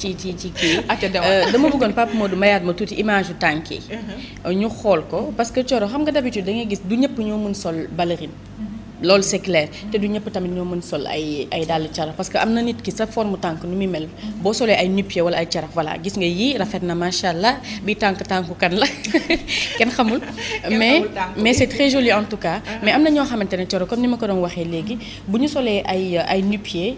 ci ci ci kii. Euh, dama bëggoon Pape Modou mayaat ma tuuti image yu tànk yi. Uh-huh. ñu xool ko parce que Coro xam nga d'habitude da ngay gis du ñëpp ñoo mën sol ballerine. Uh-huh. loolu c'est clair te du ñëpp tamit ñoo mën sol ay ay dàll carax parce que am na nit ki sa forme tànk nu muy mel uh-huh. boo solee ay nupied wala ay carax voilà gis nga yii rafet na macha allah bi tànk tànku la kenn xamul. mais mais c'est très joli en tout cas. mais am na ñoo xamante ne coro comme ni ma ko doon waxee léegi bu ñu solee ay ay nupied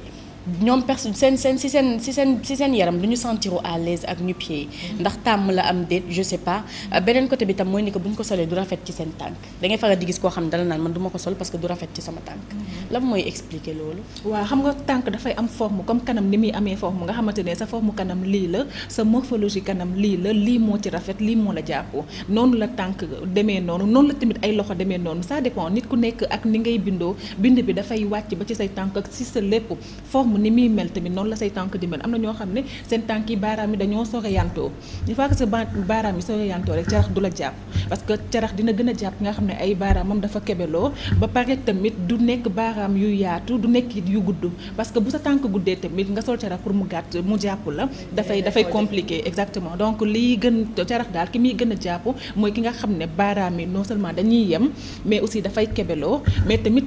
ñoom personne seen seen si seen si seen si seen yaram du ñu sentir à l'aise ak ñu pied ndax tàmm la am déet je sais pas beneen côté bi tam mooy ni que bu ñu ko solee du rafet ci seen tànk da ngay faral di gis koo xam ne dala naan man du sol parce que du rafet ci sama tànk mm-hmm. mooy expliquer loolu waaw xam nga tànk dafay am forme comme kanam ni muy amee forme nga xamante ne sa forme kanam lii la sa morphologie kanam lii la lii moo ci rafet lii moo la jàpp noonu la tànk demee noonu noonu la tamit ay loxo demee noonu ça dépend nit ku nekk ak ni ngay bindoo bind bi dafay wàcc ba ci say tànk ak si sa lépp forme forme ni muy mel tamit noonu la say tànk di mel am na ñoo xam ne seen tànk yi baaraam yi dañoo soreyantoo il faut que sa baaraam yi soreyantoo rek carax du la jàpp parce que carax dina gën a jàpp nga xam ne ay baaraamam dafa kebeloo ba pare tamit du nekk baaraam yu yaatu du nekk yu gudd parce que bu sa tànk guddee tamit nga sol carax pour mu gàtt mu jàpp la dafay dafay compliqué exactement donc liy gën carax daal ki muy gën a jàpp mooy ki nga xam ne baaraam yi non seulement dañuy yem mais aussi dafay kebeloo mais tamit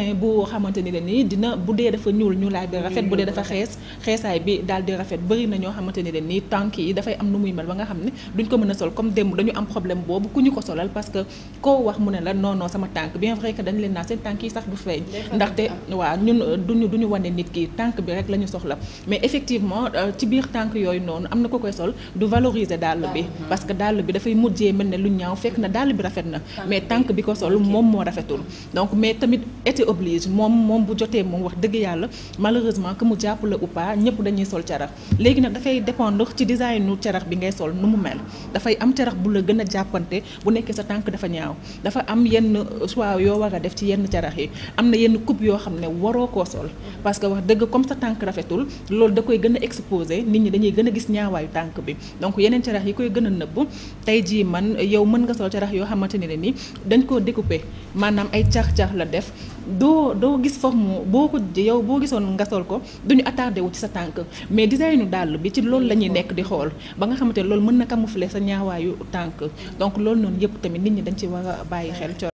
teint bu xamante ni la nii dina bu dee dafa ñuul ñuulaay bi rafet bu dee dafa xees xeesaay bi daal di rafet bëri na ñoo xamante ni la nii tànk yi dafay am nu muy mel ba xam ne duñ ko mën a sol comme démb dañu am problème boobu ku ñu ko solal parce que koo wax mu ne la non non sama tànk bien vrai que dañ leen naa seen tànk yi sax du feeñ ndaxte waaw ñun duñu duñu wane nit tànk bi rek la ñu soxla mais effectivement euh, ci biir tànk yooyu noonu am na ko koy sol du valoriser dàll bi ah, parce que ah. dàll bi dafay mujjee mel ne lu ñaaw fekk na dàll bi rafet na ah, mais tànk bi ko sol moom moo rafetul donc mais tamit été oblige moom moom bu jotee moom wax dëgg yàlla malheureusement que mu jàpp la ou pas ñëpp dañuy sol carax léegi nag dafay dépendre ci designu carax bi ngay sol nu mu mel dafay am carax bu la gën a jàppante bu nekkee sa tànk dafa ñaaw dafa am yenn choix yoo war a def ci yenn carax yi am na yenn coupe yoo xam ne waroo koo sol parce que wax dëgg comme sa tànk rafetul loolu da koy gën a exposé nit ñi dañuy gën a gis ñaawaayu tànk bi donc yeneen carax yi koy gën a nëbb tey man nga sol carax yoo xamante ne ni dañ koo découpé maanaam ay la def doo doo gis forme boo ko yow boo gisoon ngasool ko duñu attardé wu ci sa tànk mais designu dàll bi ci loolu la ñuy nekk di xool ba nga xamante ne loolu mën na camoufler sa ñaawaayu tànk donc loolu noonu yëpp tamit nit ñi dañ ci war a bàyyi xel